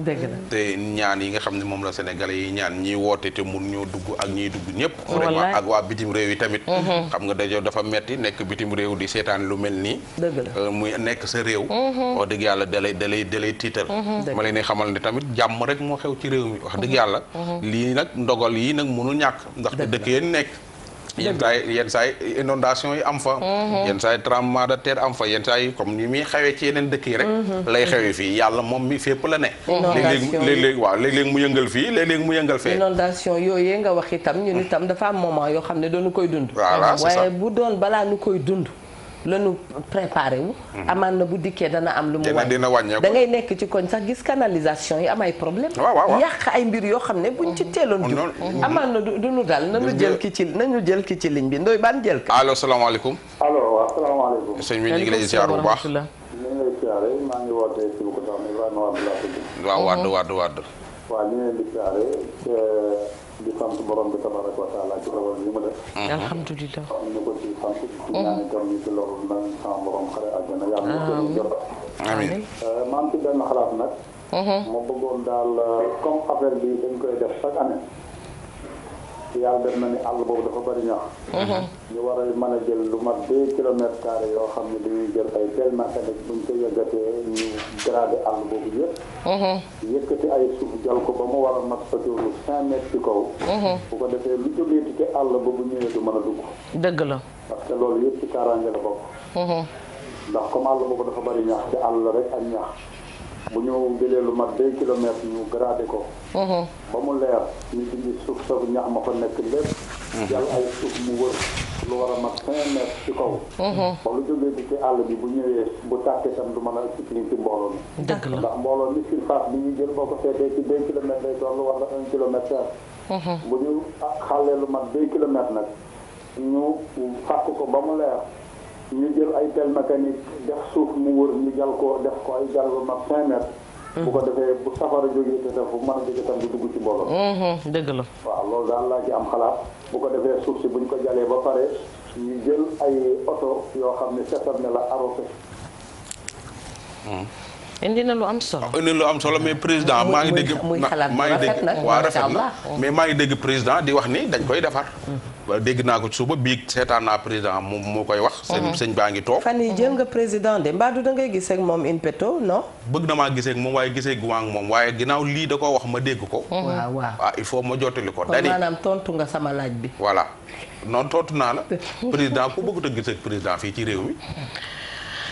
te ñaan yi nga xam ne moom la Sénégalais yi ñaan ñiy woote te mun ñoo dugg ak ñiy dugg ñëpp. vraiment ak waa bitim réew yi tamit. Mm-hmm. xam nga dajo dafa metti nekk bitim réew di seetaan lu mel nii. Euh, muy nekk sa réew. Mm-hmm. wax dëgg yàlla dalay dalay tiital. ma leen xamal ne tamit jàmm rek moo xew ci réew mi. wax dëgg mhm. yàlla mhm. lii nag ndogal yi nag mënul ñàkk ndax dëkk yéen nekk yenn saa yi yenn saa yi inondation yi am fa mhm. yenn saa yi tremblement de terre am fa yenn saa comme ni muy xewee ci yeneen dëkk yi rek lay xewee fii yàlla moom mi fépp la ne léeg-léeg léeg-léeg waaw mu yëngal fii léeg-léeg mu yëngal fee inondation yooyee nga wax itam ñun itam dafa am moment yoo xam ne doonu koy dund waaye bu doon balaa nu koy dund lañu préparé wu. Mhm. amaan na bu dikkee dana am lu mu. wàññi dina da ngay nekk ci koñ sax gis canalisation yi am ay problème. yàq ay mbir yoo xam ne buñ ci mhm. teeloon. jub amaan na du nu daal nañu jël ki ci nañu jël ki ci liñ bi ndoy ban jël ka. allo salaamaaleykum. allo waaw salaamaaleykum. sëñ bi bu baax. ñu maa ngi wootee ci bu ko tax di sant borom bi tabarak wa taala ci rawal yi mu def. Mhm. alhamdulilah ñu ko ci sant. ñaan itam ñu ci loolu na sama borom xare àjjana yàlla na ko jot. amiin maam ci benn xalaat nag. Mhm. ma bëggoon daal euh, comme affaire bi dañ koy def chaque année. yàlla def na ni àll boobu dafa bari ñax mhm. ñu war a mën a jël lu mat deux kilomètres carrés yoo xam ne dañuy jël ay pelle mécanique buñ ko yëgatee ñu gradé àll boobu yëpp mhm. yëkkati ay suuf jël ko ba mu war a mat fatolu cinq mètres ci kaw mhm. bu ko defee lu jógeeti ci àll ba ñëwee du mën a dugg dëgg la parce que loolu yëpp ci kaaraange la bokk ndax comme àll boobu dafa bari ñax ci àll rek ak ñax bu ñu jëlee lu mat deux kilomètres ñu gradé ko. Mhm. ba mu leer ñu ci suuf sa ñax ma fa nekk lépp. yàlla mhm. ay suuf mu wër lu war a mat cinq mètres ci kaw. Mhm. ba lu jógee ci ci àll bi bu ñëwee bu tàkkee tam du mën a expliquer ci mbooloo mi. dëgg la ndax mbooloo mi surface bi ñu jël boo ko seetee ci deux kilomètres lay lu war la un kilomètre bu ñu xàllee lu mat deux kilomètres nag ñu fàkk ko ba mu leer. ñu jël ay pelle mécanique def suuf mu wër ñu jal ko def ko ay jal ba mat cinq mètres hmm. bu ko defee bu safara jógee te fu mën a jóge tam dugg ci mbooloo hmm, hmm. dëgg la waaw loolu daal laaj ci am xalaat bu ko defee suuf si buñ ko jalee ba pare ñu jël ay oto yoo xam ne seetal ne la arrosé indi na lu am solo ah, indi na lu am solo mais président maa ngi dégg maa ngi dégg waa rafet na mais maa ngi dégg président di wax ni dañ koy defar mm. dégg naa ko suba biig seetaan naa président moom moo koy wax seen mm-hmm. sëñ baa ngi toog fan yi jël nga président de mbaa du da ngay gisee ak moom in petto non bëgg na maa gisee ak moom waaye gisee gu ak moom waaye ginnaaw lii da ko wax ma dégg ko mm-hmm. waaw waaw ah, il faut ma jottali ko dani tontu nga sama laaj bi voilà noonu tontu naa la président ku bëgg gisee président fii ci réew mi mm-hmm.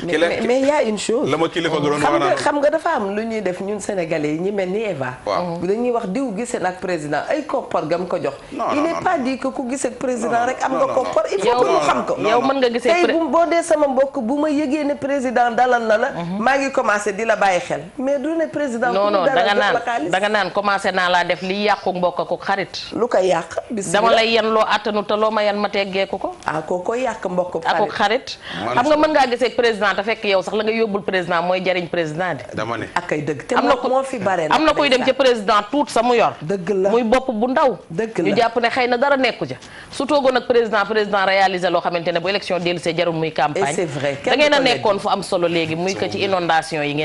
mais mais y a une chose. la ma kilifa doon xam nga xam nga dafa am lu ñuy def ñun sénégalais yi ñi mel ni Eva. waaw dañuy wax diw gisee nag président ay koppar gam ko jox. il n'est pas dit que ku gisee président rek am nga koppar. il faut que ñu xam ko yow mën nga gisee. tey bu boo dee sama mbokk bu ma yëgee ne président dalal na la. Mhm. maa ngi commencé di la bàyyi xel. mais du ne président. non non danga naan danga naan commencé naa laa def li yàqu mbokk ko xarit. lu ko yàq bisimilah dama lay yan loo attanu te loo ma yan ma teggeeku ko. ah kooku koy yàq mbokk ak xarit xam nga mën ngaa gisee président président te fekk yow sax la yóbbul président mooy jariñ président di. ak ay dëgg. te moo fi bare am na kuy dem ca président tuut sa mu dëgg la muy bopp bu la ñu jàpp ne na dara nekku ca. su toogoon ak loo xamante ne bu élection dellu see jarul muy campagne. et c'est vrai da ngeen a nekkoon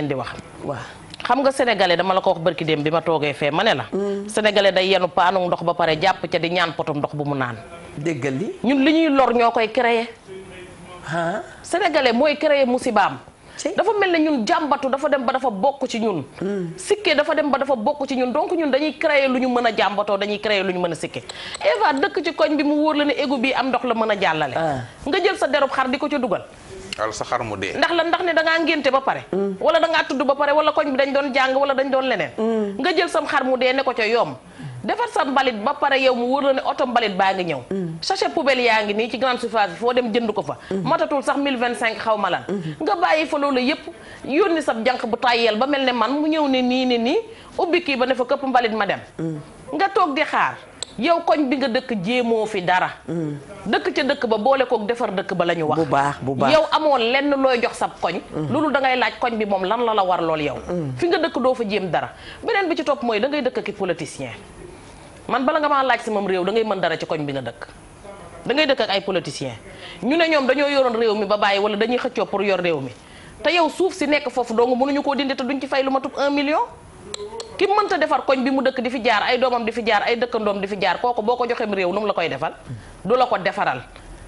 di wax. waaw xam nga sénégalais dama la ko wax barki dem ma toogee fee ma ne la. Hmm. sénégalais day yenu paanu ndox ba pare jàpp ca di ñaan potum ndox bu mu naan. déggal li ñuy lor ñoo koy créer sénégalais mooy créer musibaam dafa mel ne ñun jàmbatu dafa dem ba dafa bokk ci ñun hmm. sikkee dafa dem ba dafa bokk ci ñun donc ñun dañuy créer lu ñu mën a jàmbatoo dañuy créer lu ñu mën a sikke Eva dëkk ci koñ bi mu wóor la ne égu bi am ndox la mën a jàllale ah. nga jël sa derub xar di ko ca dugal wala sa xar mu dee ndax la ndax ne dangaa ngénte ba pare hmm. wala danga tudd ba pare wala koñ bi dañ doon jàng wala dañ doon leneen hmm. nga jël sam xar mu dee ne ko ca yoom defar sa mbalit ba pare yow mu wóor la ne oto mbalit baa ngi ñëw mm. sachet poubelle yaa ngi nii ci grande surface foo dem jënd ko fa mm. matatul sax mille vingt cinq xaw ma lan mm. nga bàyyi fa loolu yëpp yónni sa jànq bu tàyyeel ba mel ne man mu ñëw ne nii ne nii ubbi kii ba ne fa këpp mbalit ma dem nga toog di xaar yow koñ bi nga dëkk jéemoo fi dara dëkk ca dëkk ba boole kook defar dëkk ba la wax bu baax bu baax yow amoon lenn looy jox sab koñ loolu da ngay laaj koñ bi moom lan la la war lool yow fi nga dëkk doo fa jéem dara beneen bi ci topp mooy da ngay dëkk ki politicien man bala nga maa laaj sama réew da ngay mën dara ci koñ bi nga dëkk da ngay dëkk ak ay politiciens ñu ne ñoom dañoo yoroon réew mi ba bàyyi wala dañuy xëccoo pour yor réew mi te yow suuf si nekk foofu dong mënuñu koo dindi te duñ ci fay lu ma tub 1 million ki mënta defar koñ bi mu dëkk di jaar ay doomam di fi jaar ay dëkkandoom di fi boo ko joxeem réew nu mu la koy defal du la ko defaral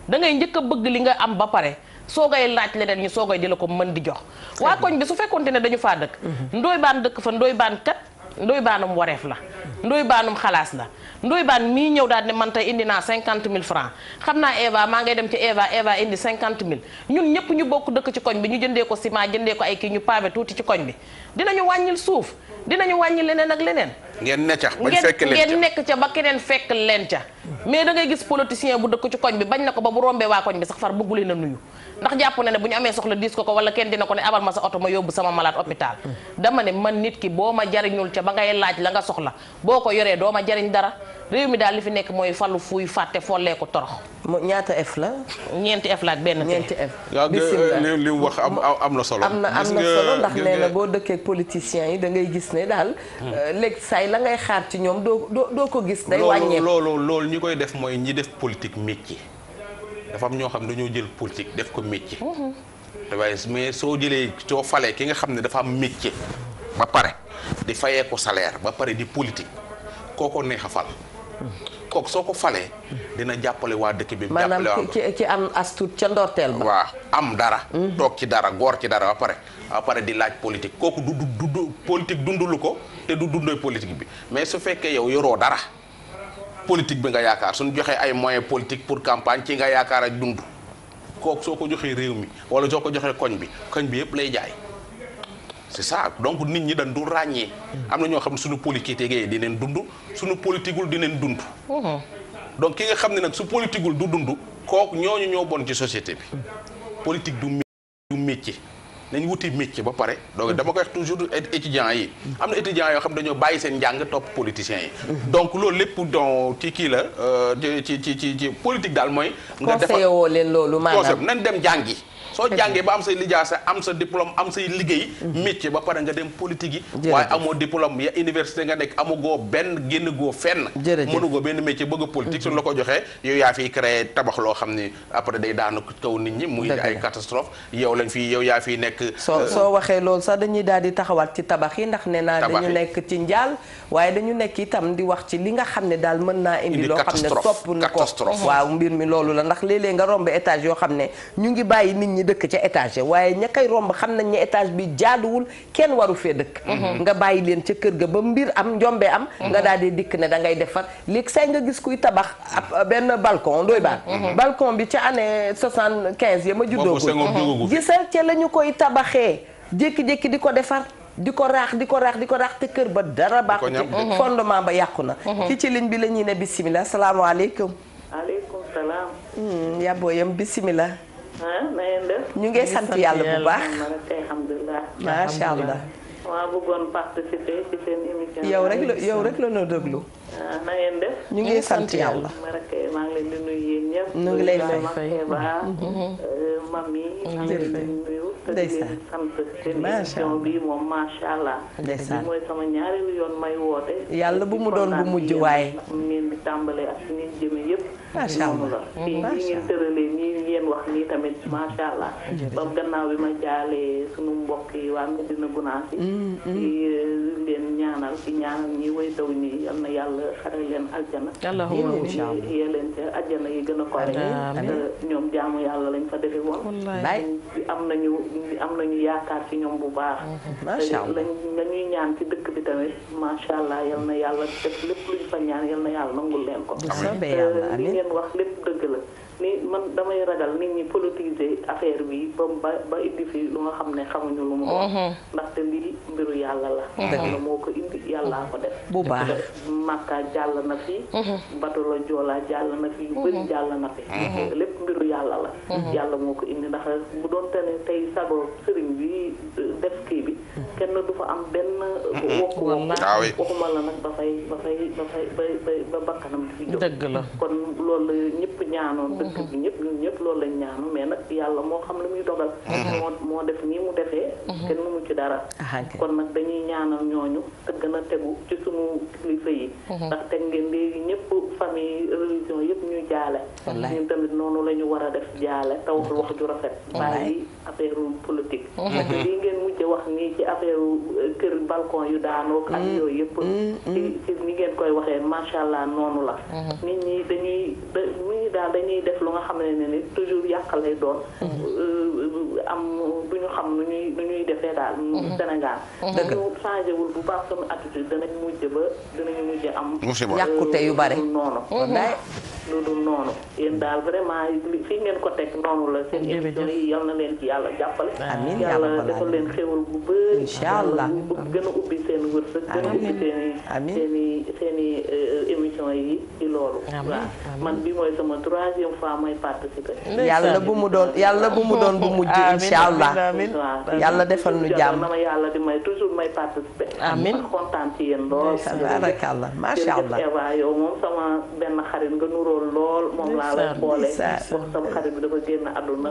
da ngay njëkk a bëgg li nga am ba pare soo koy laaj leneen ñi soo koy di la ko mën di jox waa koñ bi su fekkonte ne dañu faa dëkk mhm. ndooy baan dëkk fa ndooy baan kat ndoy baanum wareef la ndoy baanum xalaas la ndoy baan mii ñëw daal ne man tey indi naa cinquante mille francs xam naa Eva maa ngay dem ci Eva Eva indi cinquante mille ñun ñëpp ñu bokk dëkk ci koñ bi ñu jëndee ko ciment jëndee ko ay kii ñu pavé tuuti ci koñ bi dinañu wàññil suuf dinañu wàññil leneen ak leneen ngeen nekk ca ba keneen fekk leen ca mais dangay ngay gis politicien bu dëkk ci koñ bi bañ na ko ba bu rombee waa koñ bi sax far bëggu leen a nuyu ndax jàpp na ne bu ñu amee soxla diis ko ko wala kenn dina ko ne abal ma sa oto ma yóbbu sama malade hôpital dama ne man nit ki boo ma jariñul ca ba ngay laaj la nga soxla boo ko yoree doo ma jariñ dara réew mi daal li fi nekk mooy falu fuy fàtte folleeku torox ñaata F la ñeenti F la ak benn ñeenti F eh, li li mu wax am am na solo am na am na solo ndax nee na boo dëkkee politiciens yi da ngay gis ne daal hmm. eh, léegi saay la ngay xaar ci ñoom doo doo ko gis day wàññeeku loolu loolu ñi koy def mooy ñi def politique métier dafa am ñoo xam ne dañoo jël politique def ko métier. Mm-hmm. waaye mais soo jëlee soo falee ki nga xam ne dafa am métier ba pare di fayee ko salaire ba pare di politique kooko neex mm-hmm. kooku soo ko falee mm-hmm. dina jàppale waa dëkk bi. jàppale waa ki am as tuut ca ndorteel am dara. toog ci dara góor ci dara ba pare ba di laaj politique kooku du du du dundulu ko te du dundoy politique bi mais su fekkee yow yoroo dara. politique bi nga yaakaar suñu joxee ay moyen politique pour campagne ci nga yaakaar ak dund kooku soo ko joxee réew mi wala soo ko joxee koñ bi koñ bi yëpp lay jaay c'est ça donc nit ñi dañ dul ràññee am na ñoo xam ne suñu politique yi dineen dund suñu di dineen dund oh. donc ki nga xam ne nag su politiqueul du dund kooku ñooñu ñoo bon ci société bi politique du métier nañ wuti métier ba pare donc dama koy toujours étudiants yi am na étudiants yoo xam dañoo bàyyi seen njàng topp politiciens yi donc loolu lépp don ci kii la euh, ci ci ci ci politique daal mooy nga defar conseillé woo leen loolu maanaam nañ dem jàngi soo jàngee ba am sa lijaasa am sa diplôme am say liggéey mm-hmm. métier ba pare nga dem politique yi waaye amoo diplôme ya université nga nekk amugoo benn génn goo fenn mënugoo benn métier bëgg a politique mm-hmm. la ko joxee yow yaa fiy créé tabax loo xam ni après day daanu kaw nit ñi muy ay catastrophe yow lañ fii yow yaa fiy nekk soo euh, soo waxee loolu sax dañuy daal di taxawaat ci tabax yi ndax nee naa dañu nekk ci njaal waaye dañu nekk itam di wax ci li nga xam ne daal mën naa indi loo xam ne sopp na ko waaw mbir mi loolu la ndax léeg-léeg nga romb étage yoo xam ne dëkk ca étage waaye ña koy romb xam nañ ne étage bi jaaduwul kenn waru fee dëkk mhm. nga bàyyi leen ca kër ga ba mbir am njombe am mhm. nga daal dikk ne dangay defar léegi say nga gis kuy tabax ab euh, benn balcon doy baan mhm. balcon bi ca année soixante quinze ya ma juddoo ko gisal ca la ñu koy tabaxee jékki-jékki di ko defar di ko raax di ko raax di ko raax te kër ba dara baaxu ci fondement ba yàqu na ci ci bi la ñuy ne bisimilah salaamaaleykum aleykum salaam hmm, bisimilah ñu ngi sant yàlla bu baax macha allah. waaw bëggoon participer ci seen yow rek yow rek la noo déglu. Ah, na ngeen def. ñu ngi sant yàlla eh, maa ngi leen di nuyu yéen ñëpp. ñu ngi lay fay mhm. euh, mam yi. maa leen di nuyu. ndeysaan sant bi moom macha allah. ndeysaan mooy sama ñaareelu yoon may woote. yàlla bu mu doon bu mujj waaye. ngeen di tàmbalee ak ngeen jëmee yëpp. macha allah kii ñi ngeen tëralee ñii ngeen wax nii tamit macha allah. ba gannaaw bi ma jaalee sunu mbokk yi waa Medina Gunaas yi. Mm, mm. Eh, leen ñaanal ci ñaanal ñi way daw ñi na yàlla. yàlla xaral leen aljana allahumma incha allah yee leen ca aljana yi gën a yi ñoom jaamu yàlla lañ fa defe woon am nañu am nañu yaakaar ci ñoom bu baax mm-hmm. macha allah lañuy ñaan ci dëkk bi tamit macha allah yal na yàlla def lépp luñ fa ñaan yal na yàlla nangul leen ko li ngeen wax lépp dëgg la ni man damay ragal nit ñi politiser affaire bi ba ba ba indi fi lu nga xam ne xamuñu lu mu doon. Mhm. ndaxte lii mbiru yàlla la. yàlla mhm. moo ko indi yàllaa ko def. bu baax Makka jàll na fi. Mhm. bato la Joola jàll na fi. bëri na fi. lépp mbiru yàlla la. yàlla moo ko indi ndax bu doon te ne tey sago sëriñ bi euh, def kii bi. kenn du fa am benn. wokk wokk ah waxuma la nag ba fay ba fay ba ba bakkanam fi jóg. kon loolu ñëpp ñaanoon. dëkk bi mhm. ñëpp ñun ñëpp loolu lañ ñaanu mais nag yàlla moo xam lu muy dogal mhm. moo moo def nii mu defee mhm. kenn mu ci dara ah, kon nag dañuy ñaanal ñooñu te gën a tegu ci sunu kilifa yi ndax teg ngeen léegi ñëpp famille religion yëpp ñuy jaale ñun tamit noonu la ñu war a def jaale taw wax ju rafet bàyyi affaire ngeen mujj wax nii ci affaire euh, kër balcon yu daanook ak yooyu yëpp ci ci ni ngeen koy waxee macha allah noonu la nit ñi dañuy nit ñi daal dañuy def lu nga xam ne ni toujours yàq lay doon. Euh, am bu ñu xam nu ñuy nu ñuy defee daal. Mhm. Sénégal. Mhm. dëgg la ñu changé wul bu baax sama attitude danañ mujj ba danañu mujj am. musiba yàqute yu bare euh, noonu. lu dul noonu yéen daal vraiment fii ngeen ko teg noonu la seen émission yi yal na leen ci yàlla jàppale amiin yàlla defal leen xéwal bu bëri incha allah a ubbi seen wërsëg gën a ubbi seen i seen euh, émission yi ci loolu waaw man bi mooy sama troisième fois may participer yàlla bu mu doon yàlla bu mu doon bu mujj incha allah waaw yàlla defal nu jàmm nama yàlla di may toujours may participer amiin kontaan ci yéen lool tabarakallah macha allah yow moom sama benn xarit nga nuroo xew lool moom laa lay boole wax sama xarit bi dafa génn àdduna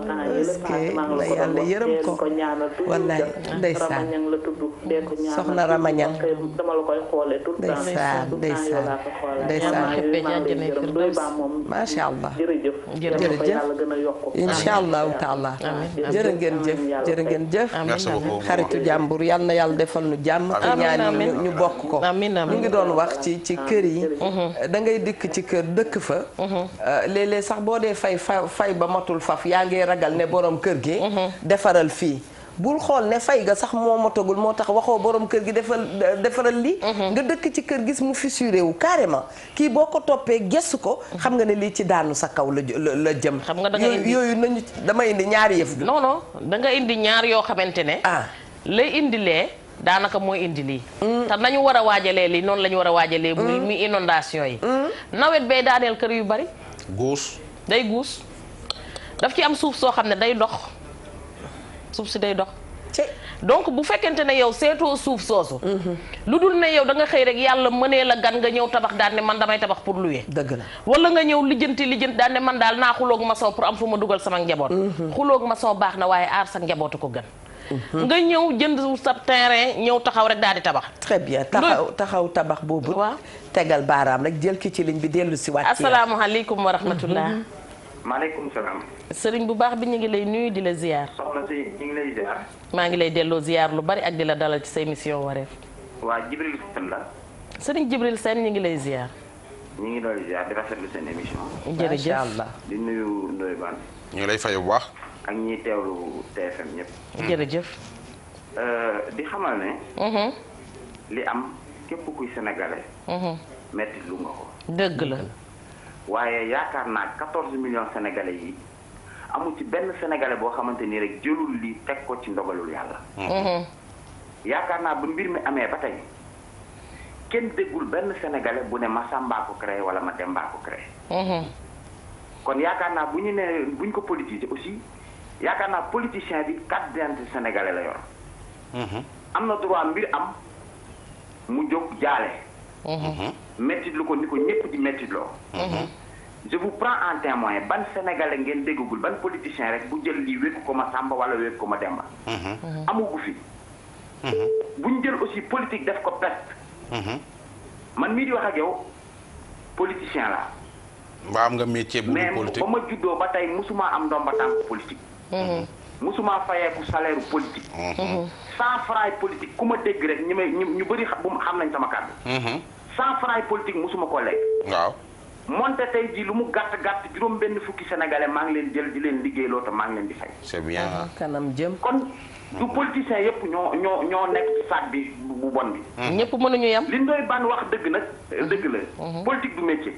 ko ko ko ñaanal tuuti wallaay ndeysaan ramañang la tudd dee ko ñaanal soxna ramañang dama la koy xoolee tout le temps ndeysaan ndeysaan ndeysaan doy baa moom macha allah jërëjëf jërëjëf yàlla a yokk incha allahu taala jërë ngeen jëf jërë ngeen jëf xaritu jàmbur yal na yàlla defal nu jàmm te ñaan ñu bokk ko ñu ngi doon wax ci ci kër yi da dikk ci kër dëkk fa Euh, léeg-léeg sax boo dee fay fay ba matul faf yaa ngi ragal ne borom kër gi. defaral fii. bul xool ne fay ga sax moo motagul moo tax waxoo borom kër gi defal defaral lii. Mhm. nga dëkk ci kër gis mu fissuré wu carrément kii boo ko toppee gëstu ko. xam nga ne lii ci daanu sa kaw la la jëm. xam nga da yooyu nañu dama indi ñaar yëf. non non da nga indi ñaar yoo xamante ne. ah lay indilee. daanaka mooy indi lii. Mm. te nañu war a waajalee lii noonu la ñu war a waajalee. muy muy mm. inondation yi. Mm. nawet bay daaneel kër yu bari. guus. day guus daf ci am suuf soo xam ne day dox suuf si day dox. donc bu fekkente ne yow seetoo suuf soosu. Mm-hmm. lu dul ne yow da nga xëy rek yàlla mënee la gan nga ñëw tabax daan ne man damay tabax pour luwe dëgg la wala nga ñëw lijjanti lijjanti daan ne man daal naa xuloog maçon pour am fu ma dugal sama njaboot. Mm-hmm. xuloog maçon baax na waaye aar njabootu ko gën. nga ñëw jënd sa terrain ñëw taxaw rek daal di tabax. très bien taxaw taxaw tabax boobu. waaw tegal baaraam rek jël ki ci ligne bi dellu si waat. asalaamualeykum wa rahmatullah. Mhm. maaleykum salaam. sëriñ bu baax bi ñu ngi lay nuyu di la ziar. si maa ngi lay delloo ziar lu bari ak di la dalal ci sa mission wareef. waa Jibril Sène la. sëriñ Jibril Sène ñu ngi lay ziar. ñu ngi doon ziar ngi lay fay bu baax. ak ñiy teewlu TFM ñëpp. Mm-hmm. jërëjëf. Euh, di xamal ne. Mm-hmm. li am képp kuy sénégalais. Mm-hmm. metti lu nga ko. dëgg la. waaye yaakaar naa quatorze millions sénégalais yi amul ci benn sénégalais boo xamante ni rek jëlul li teg ko ci ndogalul yàlla. yaakaar naa bu mbir mi amee ba tey kenn déggul benn sénégalais bu ne ma sàmbaa ko créé ma dembaa ko kon yaakaar naa bu ñu nee bu ko politiser aussi. yaakaar naa politicien bi carte d'identité sénégalais la yor. Mhm. am na droit mbir am mu jóg jaale. Mhm. Mhm. mettitlu ko ni ko ñëpp di méttit loo. je vous prends en témoin ban sénégalais ngeen déggagul ban politicien rek bu jël lii wékk ko ma Samba wala wékk ko ma Demba. amagu fi. buñ jël aussi politique def ko peste. man mii di wax ak yow politicien la. waa am nga métier bu politique mais ba ma juddoo ba tey musuma am ndomba tànk politique. Mmh. musuma fayeeku salaire politique. cent mmh. francs politique ku ma dëgg rek ñu may ñu bëri xam nañ sama kàddu. cent mmh. francs politique musuma ko lekk. waaw. moonte tey jii lu mu gàtt gàtt juróom benn fukki sénégalais maa ngi leen jël di leen liggéeyloo te maa ngi leen di fay. c'est bien ah, kanam jëm. kon du politiciens yëpp ñoo ñoo ñoo nekk ci bi bu bon bi. ñëpp mënuñu yem. li Ndoye Bane wax dëgg nag dëgg la. politique du métier.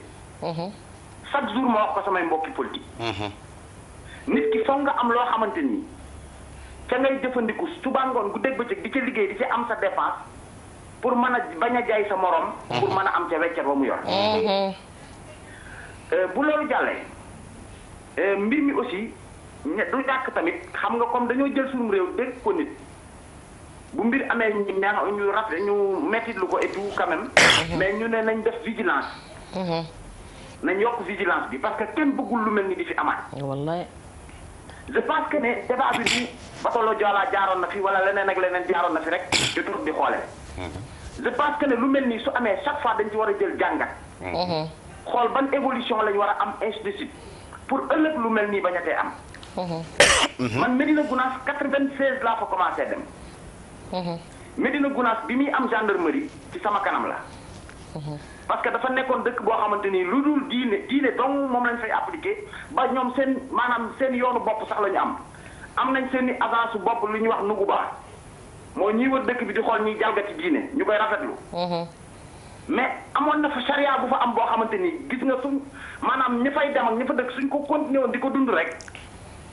chaque jour ma wax ko samay mbokki politique. nit ki foog nga am loo xamante ni ca ngay jëfandiku suba ngoon gu dégg bëccëg di ca liggéey di ca am sa dépense pour mën a bañ a jaay sa morom. pour mën a am ca weccat ba mu yor. Euh, bu loolu jàllee euh, mbir mi aussi du ñàkk tamit xam nga comme dañoo jël suñu réew dégg ko nit. bu mbir amee ñu neex ñu raf ñu mettitlu ko et tout mais ñu ne nañ def vigilance. nañ yokk vigilance bi parce que kenn bëggul lu mel ni di fi amaat. wallaay. je pense que ne débat bi du batolo Joola jaaroon na fi wala leneen ak leneen jaaroon na fi rek di tur di xoole mhm. je pense que ne lu mel nii su amee chaque fois dañ ci war a jël jàngat mhm. xool ban évolution lañ war a am ainsi de suite pour ëllëg lu mel nii bañ a tee am mhm. man Médina Gounass 96 laa fa commencé dem Médina Gounass bi muy am gendarmerie ci sama kanam la parce que dafa nekkoon dëkk boo xamante ni lu dul diine diine dong moom lañ fay appliqué ba ñoom seen maanaam seen yoonu bopp sax la ñu am am nañ seen i avance su bopp lu ñuy wax nugu baax moo ñuy wër dëkk bi di xool ñuy jalgati diine ñu koy rafetlu. Mm-hmm. mais amoon na fa charia bu fa am boo xamante ni gis nga suñ maanaam ñi fay dem ak ñi fa dëkk suñ ko continué woon di ko dund rek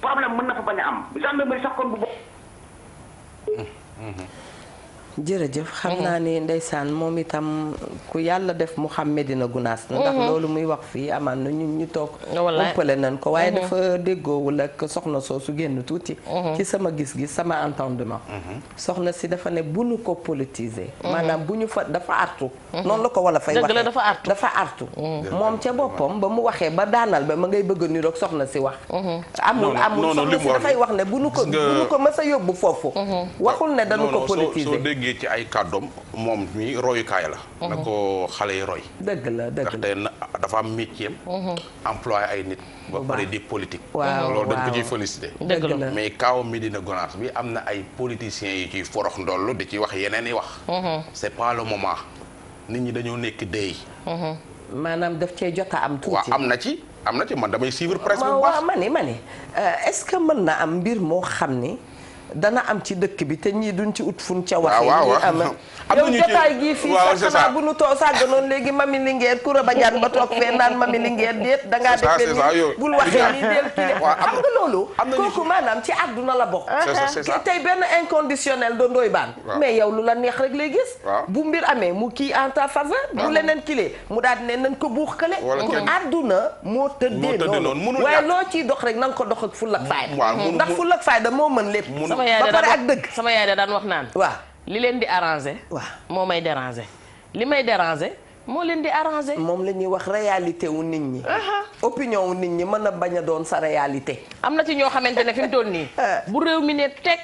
problème mën na fa bañ a am gendarmerie sax koon bu bopp. Mm-hmm. jërëjëf xam mhm. naa ne ndeysaan moom itam ku yàlla def mu xam Medina Gunaas na ndax mhm. loolu muy wax fii amaan na ñu ñu toog umpale nañ ko waaye mhm. dafa déggoowul ak soxna soo su génn tuuti ci sama gis-gis sama entendement soxna si dafa ne bu nu ko politiser maanaam bu ñu fa dafa artu noonu la ko wala fay waxee dafa artu moom ca boppam ba mu waxee ba daanal ba ma ngay bëgg ni roog soxna si wax amul amul soxna si dafay wax ne bu ñu ko bu ñu ko mës a déggee ci ay kàddoom moom mi royukaay la. na ko xale yi roy. dëgg la dëgg la ndaxte dafa am métier employé ay nit. ba pare di politique. loolu dañ ko ciy félicité. dëgg la mais kaaw Médina Gonaas bi am na ay politiciens yu ciy forox ndollu di ci wax yeneen i wax. c' est pas le moment nit ñi dañoo nekk déy. maanaam daf cee jot a am tuuti. waaw am na ci am na ci man damay suivre presse bu baax. waaw waaw ma euh, mën na am mbir moo xam ni. dana am ci dëkk bi te ñii duñ ci ut fun ca waxee ñii am yow jotaay gii fii sax xanaa bu nu too sàgganoon léegi ma lingeer kura ba jaan ba toog fee naan mami lingeer déet da ngaa defee ni bul waxee nii del kile xam ci àdduna la bokk tey benn inconditionnel do ndooy baan mais yow lu la neex rek lay gis bu mbir amee mu kii en ta faveur bu leneen kilee mu daal ne nañ ko buux kale ku àdduna moo tëddee noonu waaye loo ciy dox rek na ko dox ak full ak fayda ndax full ak fayda moo mën lépp ba pare ak dëgg sama yaay da daan wax naan. waaw li leen di arrangé. waaw moo may dérangé li may dérangé. moo leen di arrangé. moom la ñuy wax réalité wu nit ñi. Uh-huh. opinion wu nit ñi mën a bañ a doon sa réalité. am na ci ñoo xamante ne fi mu toll nii. bu réew mi ne teg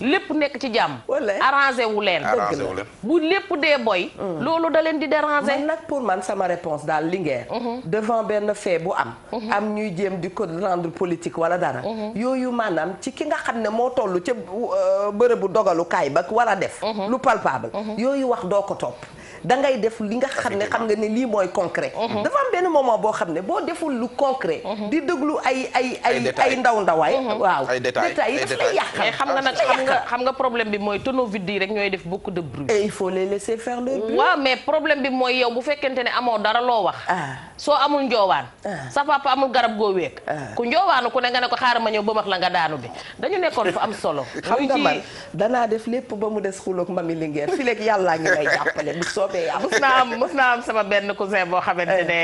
lépp nekk ci jàmm. arrangé wu leen. wu leen bu lépp dee boy. Mm. loolu da leen di déranger. man nag pour man sama réponse daal Linguère. Mm-hmm. devant benn fait bu am. Mm-hmm. am ñuy jéem di ko rendre politique wala dara. Mm-hmm. yooyu maanaam ci ki nga xam ne moo toll ca euh, bërëbu dogalukaay ba war a def. lu palpable. yooyu wax doo ko topp. da ngay def li nga xam ne xam nga ne lii mooy concret mhm. dafa am benn moment boo xam ne boo deful lu concret mhm. di déglu ay ay ay ay ndaw ndawaay mhm. waaw détails yi daf lay yàqal xam nga nag xam xam nga problème bi mooy tonneau vide rek ñooy def beaucoup de bruit et il faut les laisser faire leur bruit waaw mooy yow bu fekkente ne amoo dara loo wax ah. soo amul njoowaan ah. sa papa garab goo wéeg ah. ku njoowaanu ku nga ne ko xaaral ma ñëw ba max la nga daanu bi dañu nekkoon fa am solo xam nga man danaa def lépp ba mu des xuloog mami lingeer fi léegi yàllaa ngi lay jàppale day am mës naa am mës naa am sama benn cousin boo xamante ne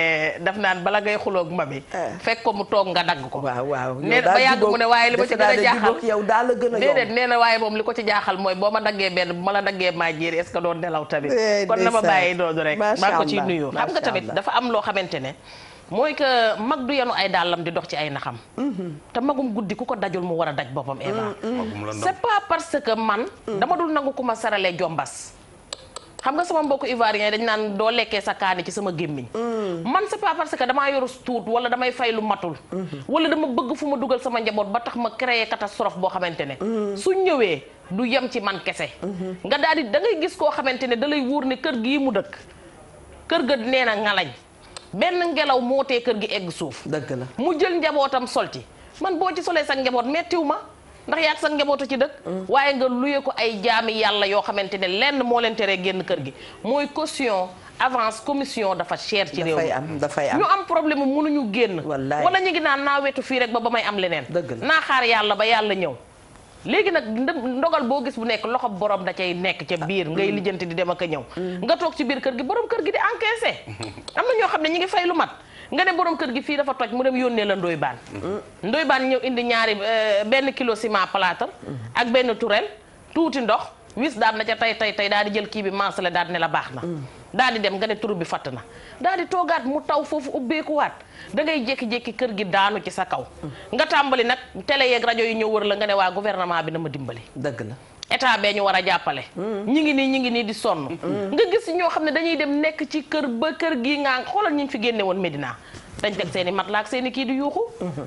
daf naan bala ngay xuloog ma bi eh. fekk ko mu toog nga dagg ko waaw waaw nee na ba ne waaye li yow daal la gën nee na waaye moom li ko jaaxal mooy boo ma daggee benn bu ma la daggee maa jéeri est-ce que doon nelaw tamit eh, kon na ma bàyyi doodu rek maa ko ciy nuyu xam nga tamit dafa am loo xamante ne mooy que mag du yenu ay dàllam di dox ci ay naxam mm-hmm. te magum guddi ku ko dajul mu war a daj boppam Eva mm-hmm. c'est pas parce que man mm-hmm. dama dul nangu ku ma saralee jombas xam nga sama mbokku ivoirien dañ naan doo lekkee sa kaani ci sama gémmiñ mm. man c'est pas parce que damaa yoru tuut wala damay fay lu matul mm-hmm. wala dama bëgg fu ma dugal sama njaboot ba tax ma créer catastrophe boo xamante ne mm. su ñëwee du yem ci man kese mm-hmm. nga daal di da gis koo xamante ne dalay lay wóor ne kër gi mu dëkk kër ga nee na ngalañ benn ngelaw moo tee kër gi egg suuf dëgg la mu jël njabootam sol ci man boo ci solee sa njaboot mettiw ma ndax yaa san njabootu ci dëkk waaye nga luye ko ay jaami yàlla yoo xamante ne lenn moo leen teree génn kër gi mooy caution avance commission dafa cher ci réew mi dafay am ñu am problème mënuñu génn wala ñu ngi naan naa wetu fii rek ba ba may am leneen naa xaar yàlla ba yàlla ñëw léegi nag ndogal boo gis bu nekk loxo borom da cay nekk ca biir ah, ngay mm. lijjanti di dem ak a ñëw mm. nga toog ci biir kër gi borom kër gi di encaissé am na ñoo xam ne ñi ngi fay nga dem borom kër gi fii dafa toj mu dem yónnee la ndoy baan ndoy baan ñëw indi ñaari euh, benn kilo ciment plâtre ak benn turel tuuti ndox wis daal na ca tey tey tey daal di jël kii bi mancele la di ne la baax na daal di dem nga ne turu bi fatt na daal di toogaat mu taw foofu ubbeekuwaat da ngay jékki kër gi daanu ci sa kaw nga tàmbali nag télé yee rajo yi ñëw wër la nga ne waa gouvernement bi na ma dimbali dëgg la état bee ñu war a jàppale. Hmm. ñi ngi nii ñi ngi nii di sonn. Hmm. Hmm. nga gis ñoo xam ne dañuy dem nekk ci kër ba kër gii ngaa xoolal ñu fi génne woon Medina. dañ teg seen i matelas ak seen kii di yuuxu.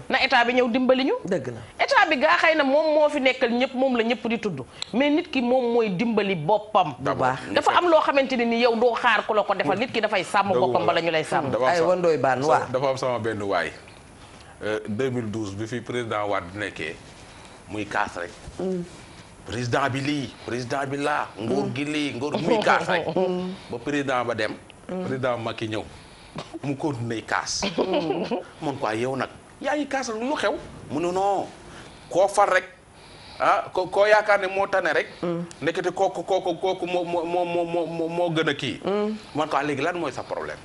na état bi ñëw dimbali ñu. dëgg la état bi gaa xëy na moom moo fi nekkal ñëpp moom la ñëpp di tudd mais nit ki moom mooy dimbali boppam. dafa am loo xamante ne ni yow doo xaar ku la ko defal nit ki dafay sàmm boppam bala ñu lay sàmm. ay wandooy baan waa dafa am sama benn waay. 2012 euh, bi fi président Wade nekkee muy kaas président bi lii président bi laa. nguur gi lii nguur muy kaas rek. Mm. ba président ba dem. Mm. président Macky ñëw mu continué kaas. man mm. quoi ah, yow nag yaa ngi kaas lu mu xew. mu ne non koo far rek ah ko koo yaakaar ne moo tane rek. ndekete kooku kooku kooku moo moo moo moo moo gën a kii. man quoi ah, léegi lan mooy sa problème.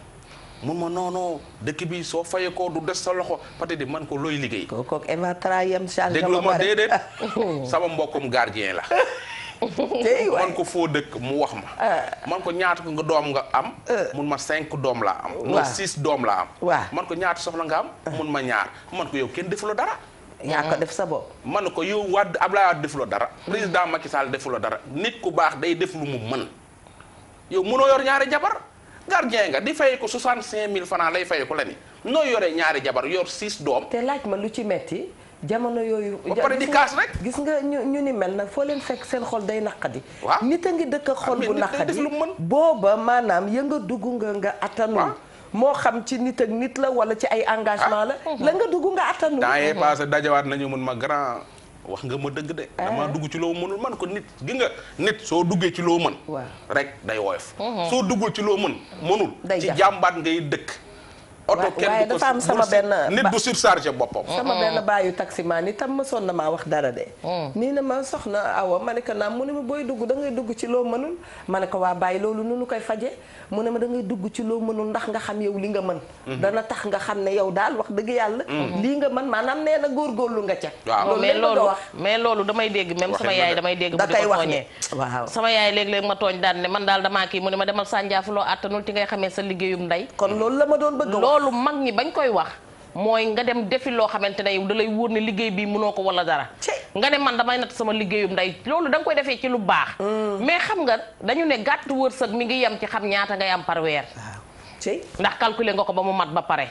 mun ma noonoo dëkk bi soo fayee ko du des sa loxo pate di man ko looy liggéey. kooku Eva Tra yem charge déglu sama mbokkum gardien la. man ko foo dëkk mu wax ma ah. man ko ñaata ko nga doom nga am ah. mun ma cinq doom laa am no doom laa am man ko ñaata soxla nga am ah. mun ma ñaar man ko yow kenn defuloo dara yaa ko def sa bopp man ko yow Wade Abdoulaye Wade defuloo dara président Macky Sall defula dara nit ku baax day def lu mu mën yow mënoo yor ñaari jabar gardien nga di fay ko 65000 francs lay fay ko la ni noo yoree ñaari jabar yor 6 doom. te laaj ma lu ci metti jamono yooyu. ba pare di kaas rek gis nga ñu ñu ni mel nag foo leen fekk seen xol day naqadi. waaw nit a ngi dëkk xol ah, bu naqadi booba maanaam ya nga dugg nga nga attanul. moo xam ci nit ak nit la wala ci ay engagement la. Ah. la nga dugg nga attanul. temps yii passé dajawaat nañu mun ma grand. wax nga ma dëgg de. Ah. damaa dugg ci loo mënul man ko nit gi nit soo duggee ci loo mën. rek day woyof. Mhm. soo duggul ci loo mën mënul. ci jàmbaat ngay dëkk. oto kenn dafa am sama benn nit bu surchargé boppam sama ma sonn na maa wax dara de mm. nii na ma soxna awa ma ne mu ne ma booy dugg da ngay dugg ci loo mënul ma ne ko waa bàyyi loolu nu koy faje mu ma da ngay dugg ci loo mënul ndax nga xam yow li nga mën mm-hmm. dana tax nga xam ne yow daal wax dëgg yàlla mm-hmm. lii nga mën maanaam nee na góorgóorlu nga ca loolu mais loolu mais loolu damay dégg même sama yaay damay dégg bu di ko tooñee waaw sama yaay léeg-léeg ma tooñ daan ne daal ma demal sànjaafuloo attanul ci ngay xamee sa liggéeyum ndey kon loolu la ma doon bëgg loolu mag ñi bañ koy wax mooy nga dem defi loo xamante ne yow da lay wóor ne liggéey bii munoo ko wala dara nga ne man damay natt sama liggéeyum nday loolu danga nga koy defee ci lu baax mm. mais xam nga dañu ne gàtt wërsëg mi ngi yem ci xam ñaata ngay am parweer cey ndax calculer nga ko ba mu mat ba pare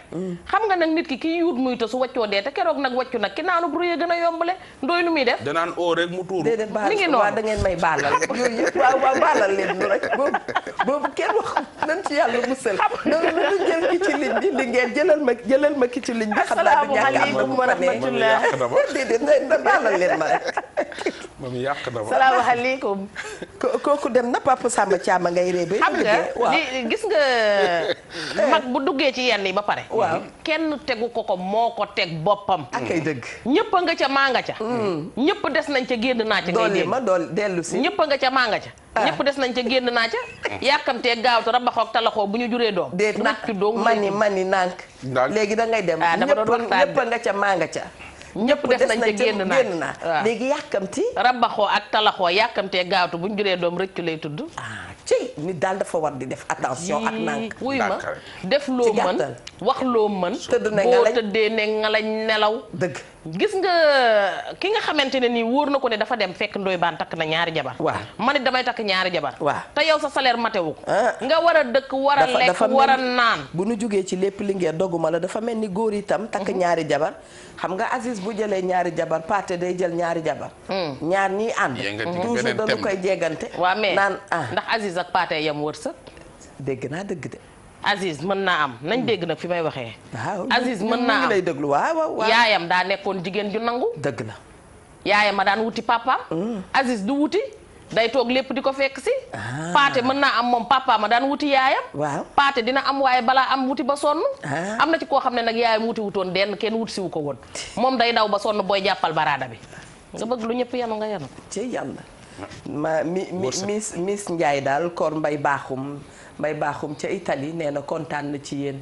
xam nga nag nit ki kii yuut muy te su waccoo dee te keroog nag waccu nag ki naanu bu rëy gën a yombale ndooy lu muy def danaan oo rek mu tuuru déedéet baal mi da ngeen may baalal yooyu yëpp waaw leen rek ma ma ki ci ligne bi xam naa du ñàkk am wa rahmatullah déedéet da baalal leen ma rek moom yàq na ma salaamaaleykum kooku dem na a Samba Thiam ngay réebe xam nga gis nga Eh. mag bu duggee ci yenn yi ba pare. waaw kenn tegu ko ko moo ko teg boppam. ak ah, ay dëgg. ñëpp nga ca maa nga ca. Mm. ñëpp des nañ ca génn naa ca. ngay dégg ma dool dellu si. ñëpp nga ca maa ca. Ah. ñëpp des nañ ca génn naa ca. yàkkamtee gaawtu rabaxoog talaxoo bu ñu juree doom. déet na mani mani nànk. léegi da ngay dem. ah dama doon waxtaan ñëpp nga ca maa nga ca. ñëpp des nañ ca génn naa génn naa ah. léegi yàkkamti. rabaxoo ak talaxoo yàkkamtee gaawtu bu ñu juree doom rëccu lay tudd. ci nit daal dafa war di def attention ak nànk wuy ma def loo mën wax loo mën boo tëddee ne ngalañ nelaw dëgg gis nga ki nga xamante ne nii wóor na ko ne dafa dem fekk ndoy baan takk na ñaari jabar waa man ne damay takk ñaari jabar waa te yow sa salaire matewu ko ah. nga war a dëkk war a lekk war a naan bu nu jógee ci lépp lingeer ngeen doguma la dafa mel ni góor itam takk mhm. ñaari jabar xam nga Aziz bu jëlee ñaari jabar Pathé day jël ñaari jabar. Hmm. ñaar ñiy ànd. toujours dañu koy jéggante. waa mais ah. ndax Aziz ak Pathé yam wërsëg. dégg naa dëgg de. Aziz mën naa am nañ dégg nag fi may waxee. waaw Aziz mën naa am lay yaayam daa nekkoon jigéen ju nangu. dëgg la. yaayam a daan wuti papa. Hmm. Aziz du wuti. day toog lépp di ko fekk si. Ah. paate mën naa am moom papa ma daan wuti yaayam. waaw paate dina am waaye balaa am wuti ba sonn. Ah. am na ci koo xam ne nag yaayam wuti wutoon denn kenn wut si wu ko woon. moom day daw ba sonn booy jàppal baraada bi. nga bëgg lu ñëpp yanu nga yanu. ci yàlla. ma mi mi miss miss Ndiaye daal koor mbay baaxum mbay baaxum ca Italie nee na kontaan na ci yéen.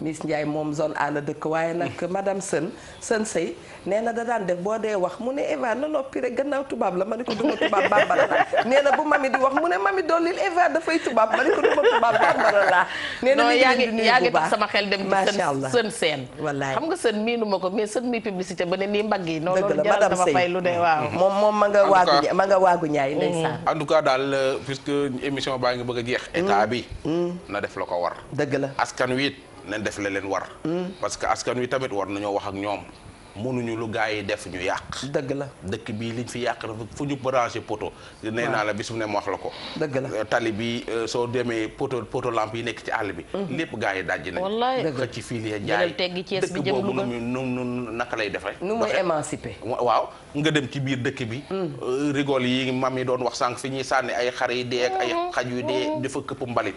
Miss Ndiaye moom zone A dëkk waaye nag mm. madame Sën Sën Sey nee na da daan def boo dee wax mu ne Eva na noppi rek gannaaw tubaab la ma ne ko duma tubaab bambara la nee na di wax mu ne mami dollil Eva dafay tubaab tubaab bambara la nee na yaa ngi sama xel dem ci sën seen wallaay xam nga sën miinu ma ko mais sën mi ba ne nii mbagg yi noonu loolu jaral dama fay lu dee mm. waaw moom moom ma nga waagu ma nga waagu ñaay mm. ndeysaan en tout cas daal euh, puisque émission baa ngi bëgg a jeex état bi na def la ko war dëgg la askan wi nañ def le leen war mm. parce que askan wi tamit war nañoo wax ak ñoom mënuñu lu gars yi def ñu yàq. dëgg la dëkk bii liñ fi yàq fu ñu branché poto. nee naa la bis bu ne ma wax la ko. dëgg la euh, tali bi euh, soo demee poto poto làmp yi nekk ci àll bi. Mhm. lépp gars yi dajji nañ. wallaay ci fii la jaay dëkk boobu nu muy nu nu naka lay defee. nu muy émancipé. waaw nga dem ci biir dëkk bi. Mhm. Euh, rigole yi mam yi doon wax sànq fi ñuy sànni ay xar yi dee ak ay mhm. xaj yu dee dafa këpp mbalit.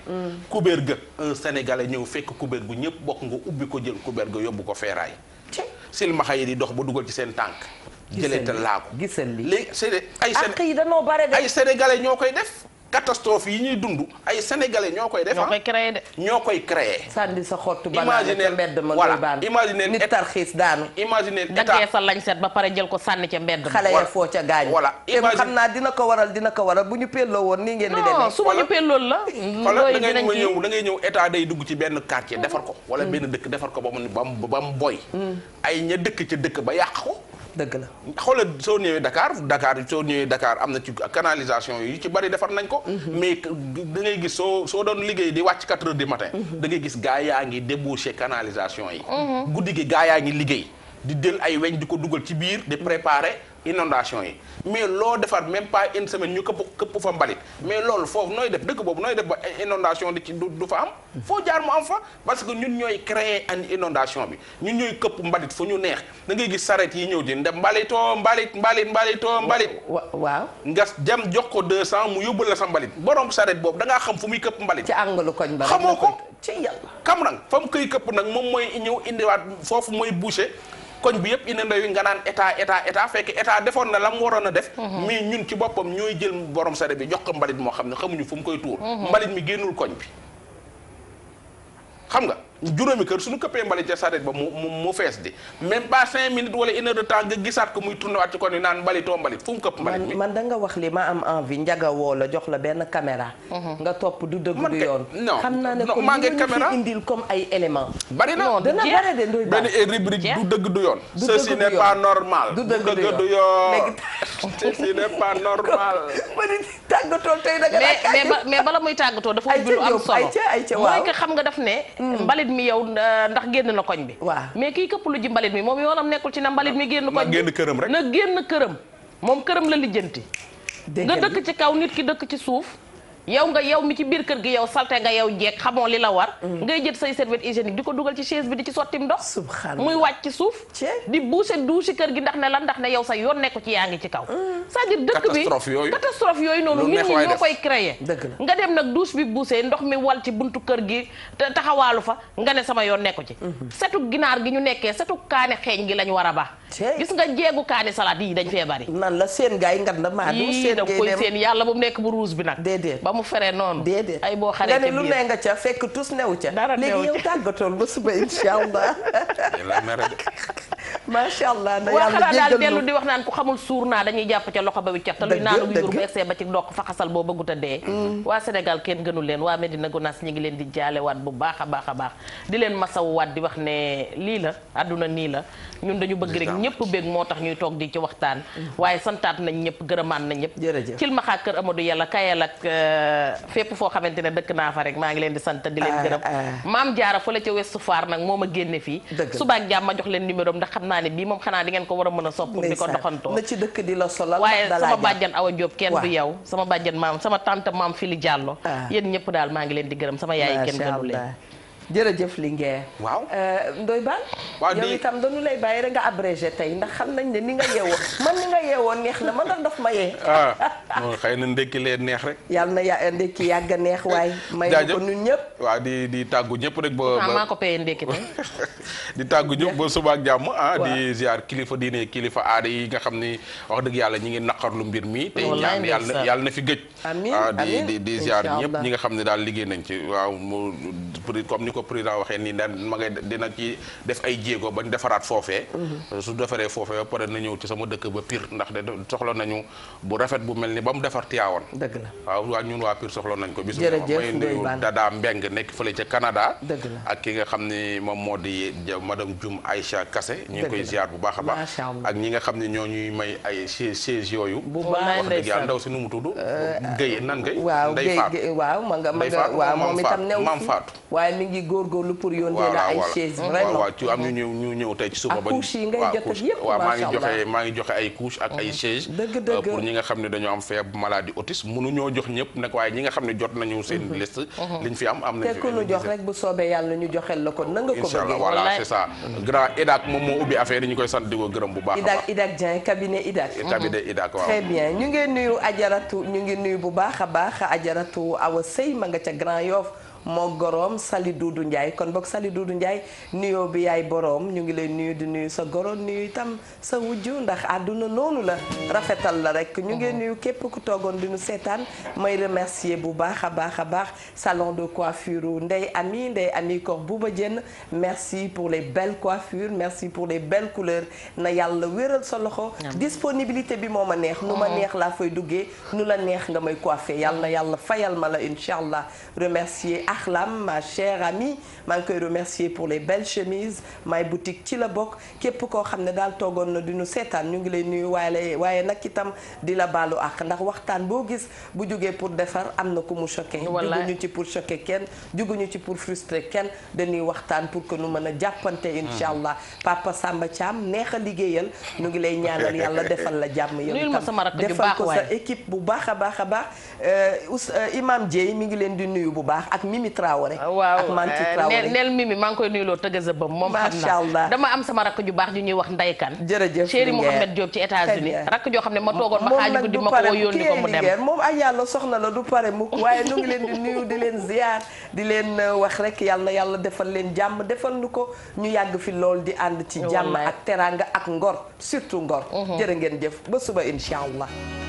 kubéer ga un ñëw fekk kubéer gu ñëpp bokk nga ubbi ko jël kubéer ga yóbbu ko feeraay silmaxa yi di dox ba dugal ci seen tànk. jëleetal laa ko gisal lii léegi ay. ak yi Séné ay sénégalais ñoo koy def. catastrophe yi ñuy dund ay sénégalais ñoo koy def ñoo koy créé de. ñoo koy créé. sànni sa xottu banaan ca mbedd ma ngay baan imaginer nit tarxiis daanu. imaginer état daggee sa lañ ba pare jël ko sànni ca mbedd xale foo ca gaañu. voilà naa dina ko waral dina ko waral bu ñu woon nii ngeen di. demee non su ma ñu pellool la. looy dinañ ñëw da ngay ñëw état day dugg ci benn quartier defar ko. wala mm. benn dëkk defar ko ba mu ba mu boy. Mm. ay ña dëkk ca dëkk ba yàq ko dëgg la xoolal soo ñëwee Dakar Dakar soo ñëwee Dakar am na ci canalisation yi ci bari defar nañ ko. Mhm. mais da ngay gis soo soo doon liggéey di wàcc quatre heures du matin. Mhm. da ngay gis gaa yaa ngi débouché canalisation yi. Mhm. guddi gi gaa yaa ngi liggéey di jël ay weñ di ko dugal ci biir di préparer. inondation yi mais loo defar même pas une semaine ñu këpp këpp fa mbalit mais loolu foofu nooy def dëkk boobu nooy def ba inondation di ci du fa am foo jaar mu am fa parce que ñun ñooy créer inondation bi ñu ñooy këpp mbalit fu ñu neex da gis saret yi ñëw di ndem mbalitoo mbalit mbalit mbalitoo mbalit waaw nga jam jox ko deux cent mu yóbbu la sa mbalit borom saret boobu da ngaa xam fu muy këpp mbalit ci àngalu koñ ba xamoo ko ci yàlla xam këpp nag moom mooy ñëw indiwaat foofu mooy boucher koñ bi yëpp inondé yu nga naan état état état fekk état defoon na la mu waroon a def mhm. mais ñun ci boppam ñooy jël borom sare bi jox ko mbalit moo xam ne xamuñu fu mu koy tuur mhm. mbalit mi génnul koñ bi xam nga juróomi kër suñu këppee mbali ca saret ba mu mu fees di même pas cinq minutes wala une heure de nga gisaat ko muy tourné waat ci kon yi naan mbalit mbalit fu këpp mbalit man da wax li ma am envie njaga woo la jox la benn caméra mhm. nga topp du dëgg du yoon xam naa ne comme maa ngi caméra indil comme ay élément bari na dana bare de ndoy benn rubrique du dëgg du yoon ceci n'est pas normal du dëgg du yoon ceci n'est pas normal ma tàggatoo tey da nga mais bala muy tàggatoo dafa ubbi lu am mooy que xam nga daf ne mm. mbalit mbalit mi yow euh, ndax génn na koñ bi waaw mais kii këpp lu ji mbalit mi moom yoonam nekkul ci na mbalit mi génn koñ bi na génn këram moom këram la lijjanti nga dëkk ci kaw nit ki dëkk ci suuf yow nga yow mi ci biir kër gi yow salte nga yow jeeg xamoo li la war mm-hmm. ngay jël say serviette hygiénique di ko dugal ci chaise bi di ci sottim ndox muy wàcc ci suuf di bouché douche kër gi ndax ne lan ndax ne yow sa yoon nekku ci yaa ngi ci kaw mm. c'est-à-dire dëkk bi catastrophe yooyu noonu nit ñi ñoo koy créé nga dem nag douche bi bouché ndox mi wal ci buntu kër gi taxawaalu fa nga ne sama yoon nekku ci mm-hmm. setu ginaar gi ñu nekkee setu kaani xeeñ gi lañ war a ba gis nga jéegu kaani salade yi dañ fee bari nan la seen gaay ngat la maa koy seen yàlla bu nekk bu ruus bi nag ba mu feree noonu ay boo xaree ca lu ne nga ca fekk tus new ca dara léegi yow tàggatool ba suba insha allah macha allah na yàlla daal dellu di wax naan ku xamul suur naa dañuy jàpp ca loxo ba wi cat te luy naanu yuur bu egsee ba ci ndokk fa xasal boo bëggut dee mm. waa Sénégal kenn gënul leen waa Medina Gonaas ñi ngi leen di jaalewaat bu baax a baax a baax di leen masawu waat di wax ne lii la àdduna nii la ñun dañu bëgg rek ñëpp bég moo tax ñuy toog di ci waxtaan waaye santaat nañ ñëpp gërëmaan nañ ñëpp cil ma xaa kër Amadou yàlla kayal ak euh, fépp foo xamante ne dëkk naa fa rek maa ngi leen di sant di leen ah, gërëm ah. maam la ca Ouest Foire nag moo ma génne fii suba ak jàmm ma jox leen numéro ndax xam naa ne bii moom xanaa di ngeen ko war a mën a sopp di ko doxantoo dëkk di la solal waaye sama bàjjan Awa Diop kenn du yow sama bàjjan maam sama tante maam Fili Diallo ah. yéen ñëpp daal maa ngi leen di gërëm sama yaay kenn gënu leen jërëjëf Linguère. waaw euh, Ndoye Bane. waaw yow itam dañu lay bàyyi rek nga abrégé tey ndax xam nañ ne ni nga yeewoo man ni nga yeewoo neex na man ma yee. ah non xëy na ndekki lee neex rek. yàlla na ya ndekki yàgg a neex waaye. may na ñëpp. waaw di di tàggu ñëpp rek ba ah, ba maa ko payee di tàggu ñëpp ba suba jàmm ah di ziar kilifa diine kilifa aada yi xam ni wax dëgg yàlla ñi ngi naqarlu mbir mi. tey ñaan na fi gëj. amiin amiin ah, di di ziar ñi nga xam ne daal liggéey nañ ci waaw mu comme ni ko ko président waxee nii ma ngay dina ci def ay jéego bañ defaraat foofee mhm. su defaree foofee ba pare na ñëw ci sama dëkk ba Pire ndax de soxla nañu bu rafet bu mel ni ba mu defar Tiwaawan dëgg la waaw waa ñun waa Pire nañ ko bisu may nuyu Dada Mbeng nekk fële ca Canada ak ki nga xam ni moom moo di madame Dioum Aïcha Kassé ñu ngi koy ziar bu baax a baax ak ñi nga xam ne ñoo ñuy may ay chaise yooyu wax nu mu tudd euh, Guèye nan Guèye maam Fatou waaye mi ngi góorgóorlu pour yónnee la ay chaise vraiment waaw ci am ñu ñëw ñu ñëw tey ci suba ba couche yi ngay jot ak yëpp waaw maa ngi joxe maa ngi ay couche ak ay mhm. chaise dëgg euh, dëgg pour ñi nga xam ne jot nañu seen mhm. liste mhm. liñ fi am am nañ fi bu soobee yàlla ñu joxel la ko na ko bëggee voilà c'est ça grand Idak moom moo ubbi affaire yi koy sant di gërëm bu baax Idak baax a ajaratu awa sëy ma nga ca Grand Yoff moo goroom Sali Doudou njaay kon boog Sali Doudou Ndiaye nuyoo bi yaay boroom ñu ngi leen nuyu di nuyu sa goro nuyu itam sa wujju ndax àdduna noonu la rafetal la rek ñu ngi mhm. nuyu képp ku toogoon di nu seetaan may remercier bu baax a baax a baax salon de coiffure Ndey Ami Ndey Ami Kor Bouba Dieng merci pour les belles coiffures merci pour les belles couleur na yàlla wéral sa loxo disponibilité bi moo ma neex nu ma mm. neex laa fay duggee nu la neex nga may coiffé yàlla na yàlla fayal ma la incha allah remercier Axlam ma chère amie maa ngi koy remercier pour les belles chemises may boutique ci la bokk képp koo xam ne daal toogoon na du nu seetaan ñu ngi lay nuyu waaye waaye nag itam di la baalu ak ndax waxtaan boo gis bu jógee pour defar am na ku mu choqué ñu ci pour choquer kenn juguñu ci pour frustrer kenn dañuy waxtaan pour que nu mën a jàppante incha mm-hmm. allah papa Samba caam neex a liggéeyal ñu ngi lay ñaanal yàlla defal la jàmm yow itam defal ko sa équipe bu baax baax a baax euh, euh, Imam leen di nuyu bu Mimi Traoré. Ah, waaw ak Manti eh, Traoré neel Mimi maa ngi koy nuyuloo tëgëza bëm moom xam naa dama am sama rakk ju baax ju ñuy wax ndaykan jërëjëf chéri Mouhamed Diop ci États-Unis rakk joo xam ne ma toogoon ba xaaju guddi ma ko woo yónni ko mu dem moom ay yàlla soxna la du pare mukk waaye nu ngi leen di nuyu di leen ziar di leen euh, wax rek yàlla yàlla defal leen jàmm defal nu ko ñu yàgg fi lool di ànd ci jàmm ak teranga ak ngor surtout ngor mhm. jërë ngeen jëf ba suba incha allah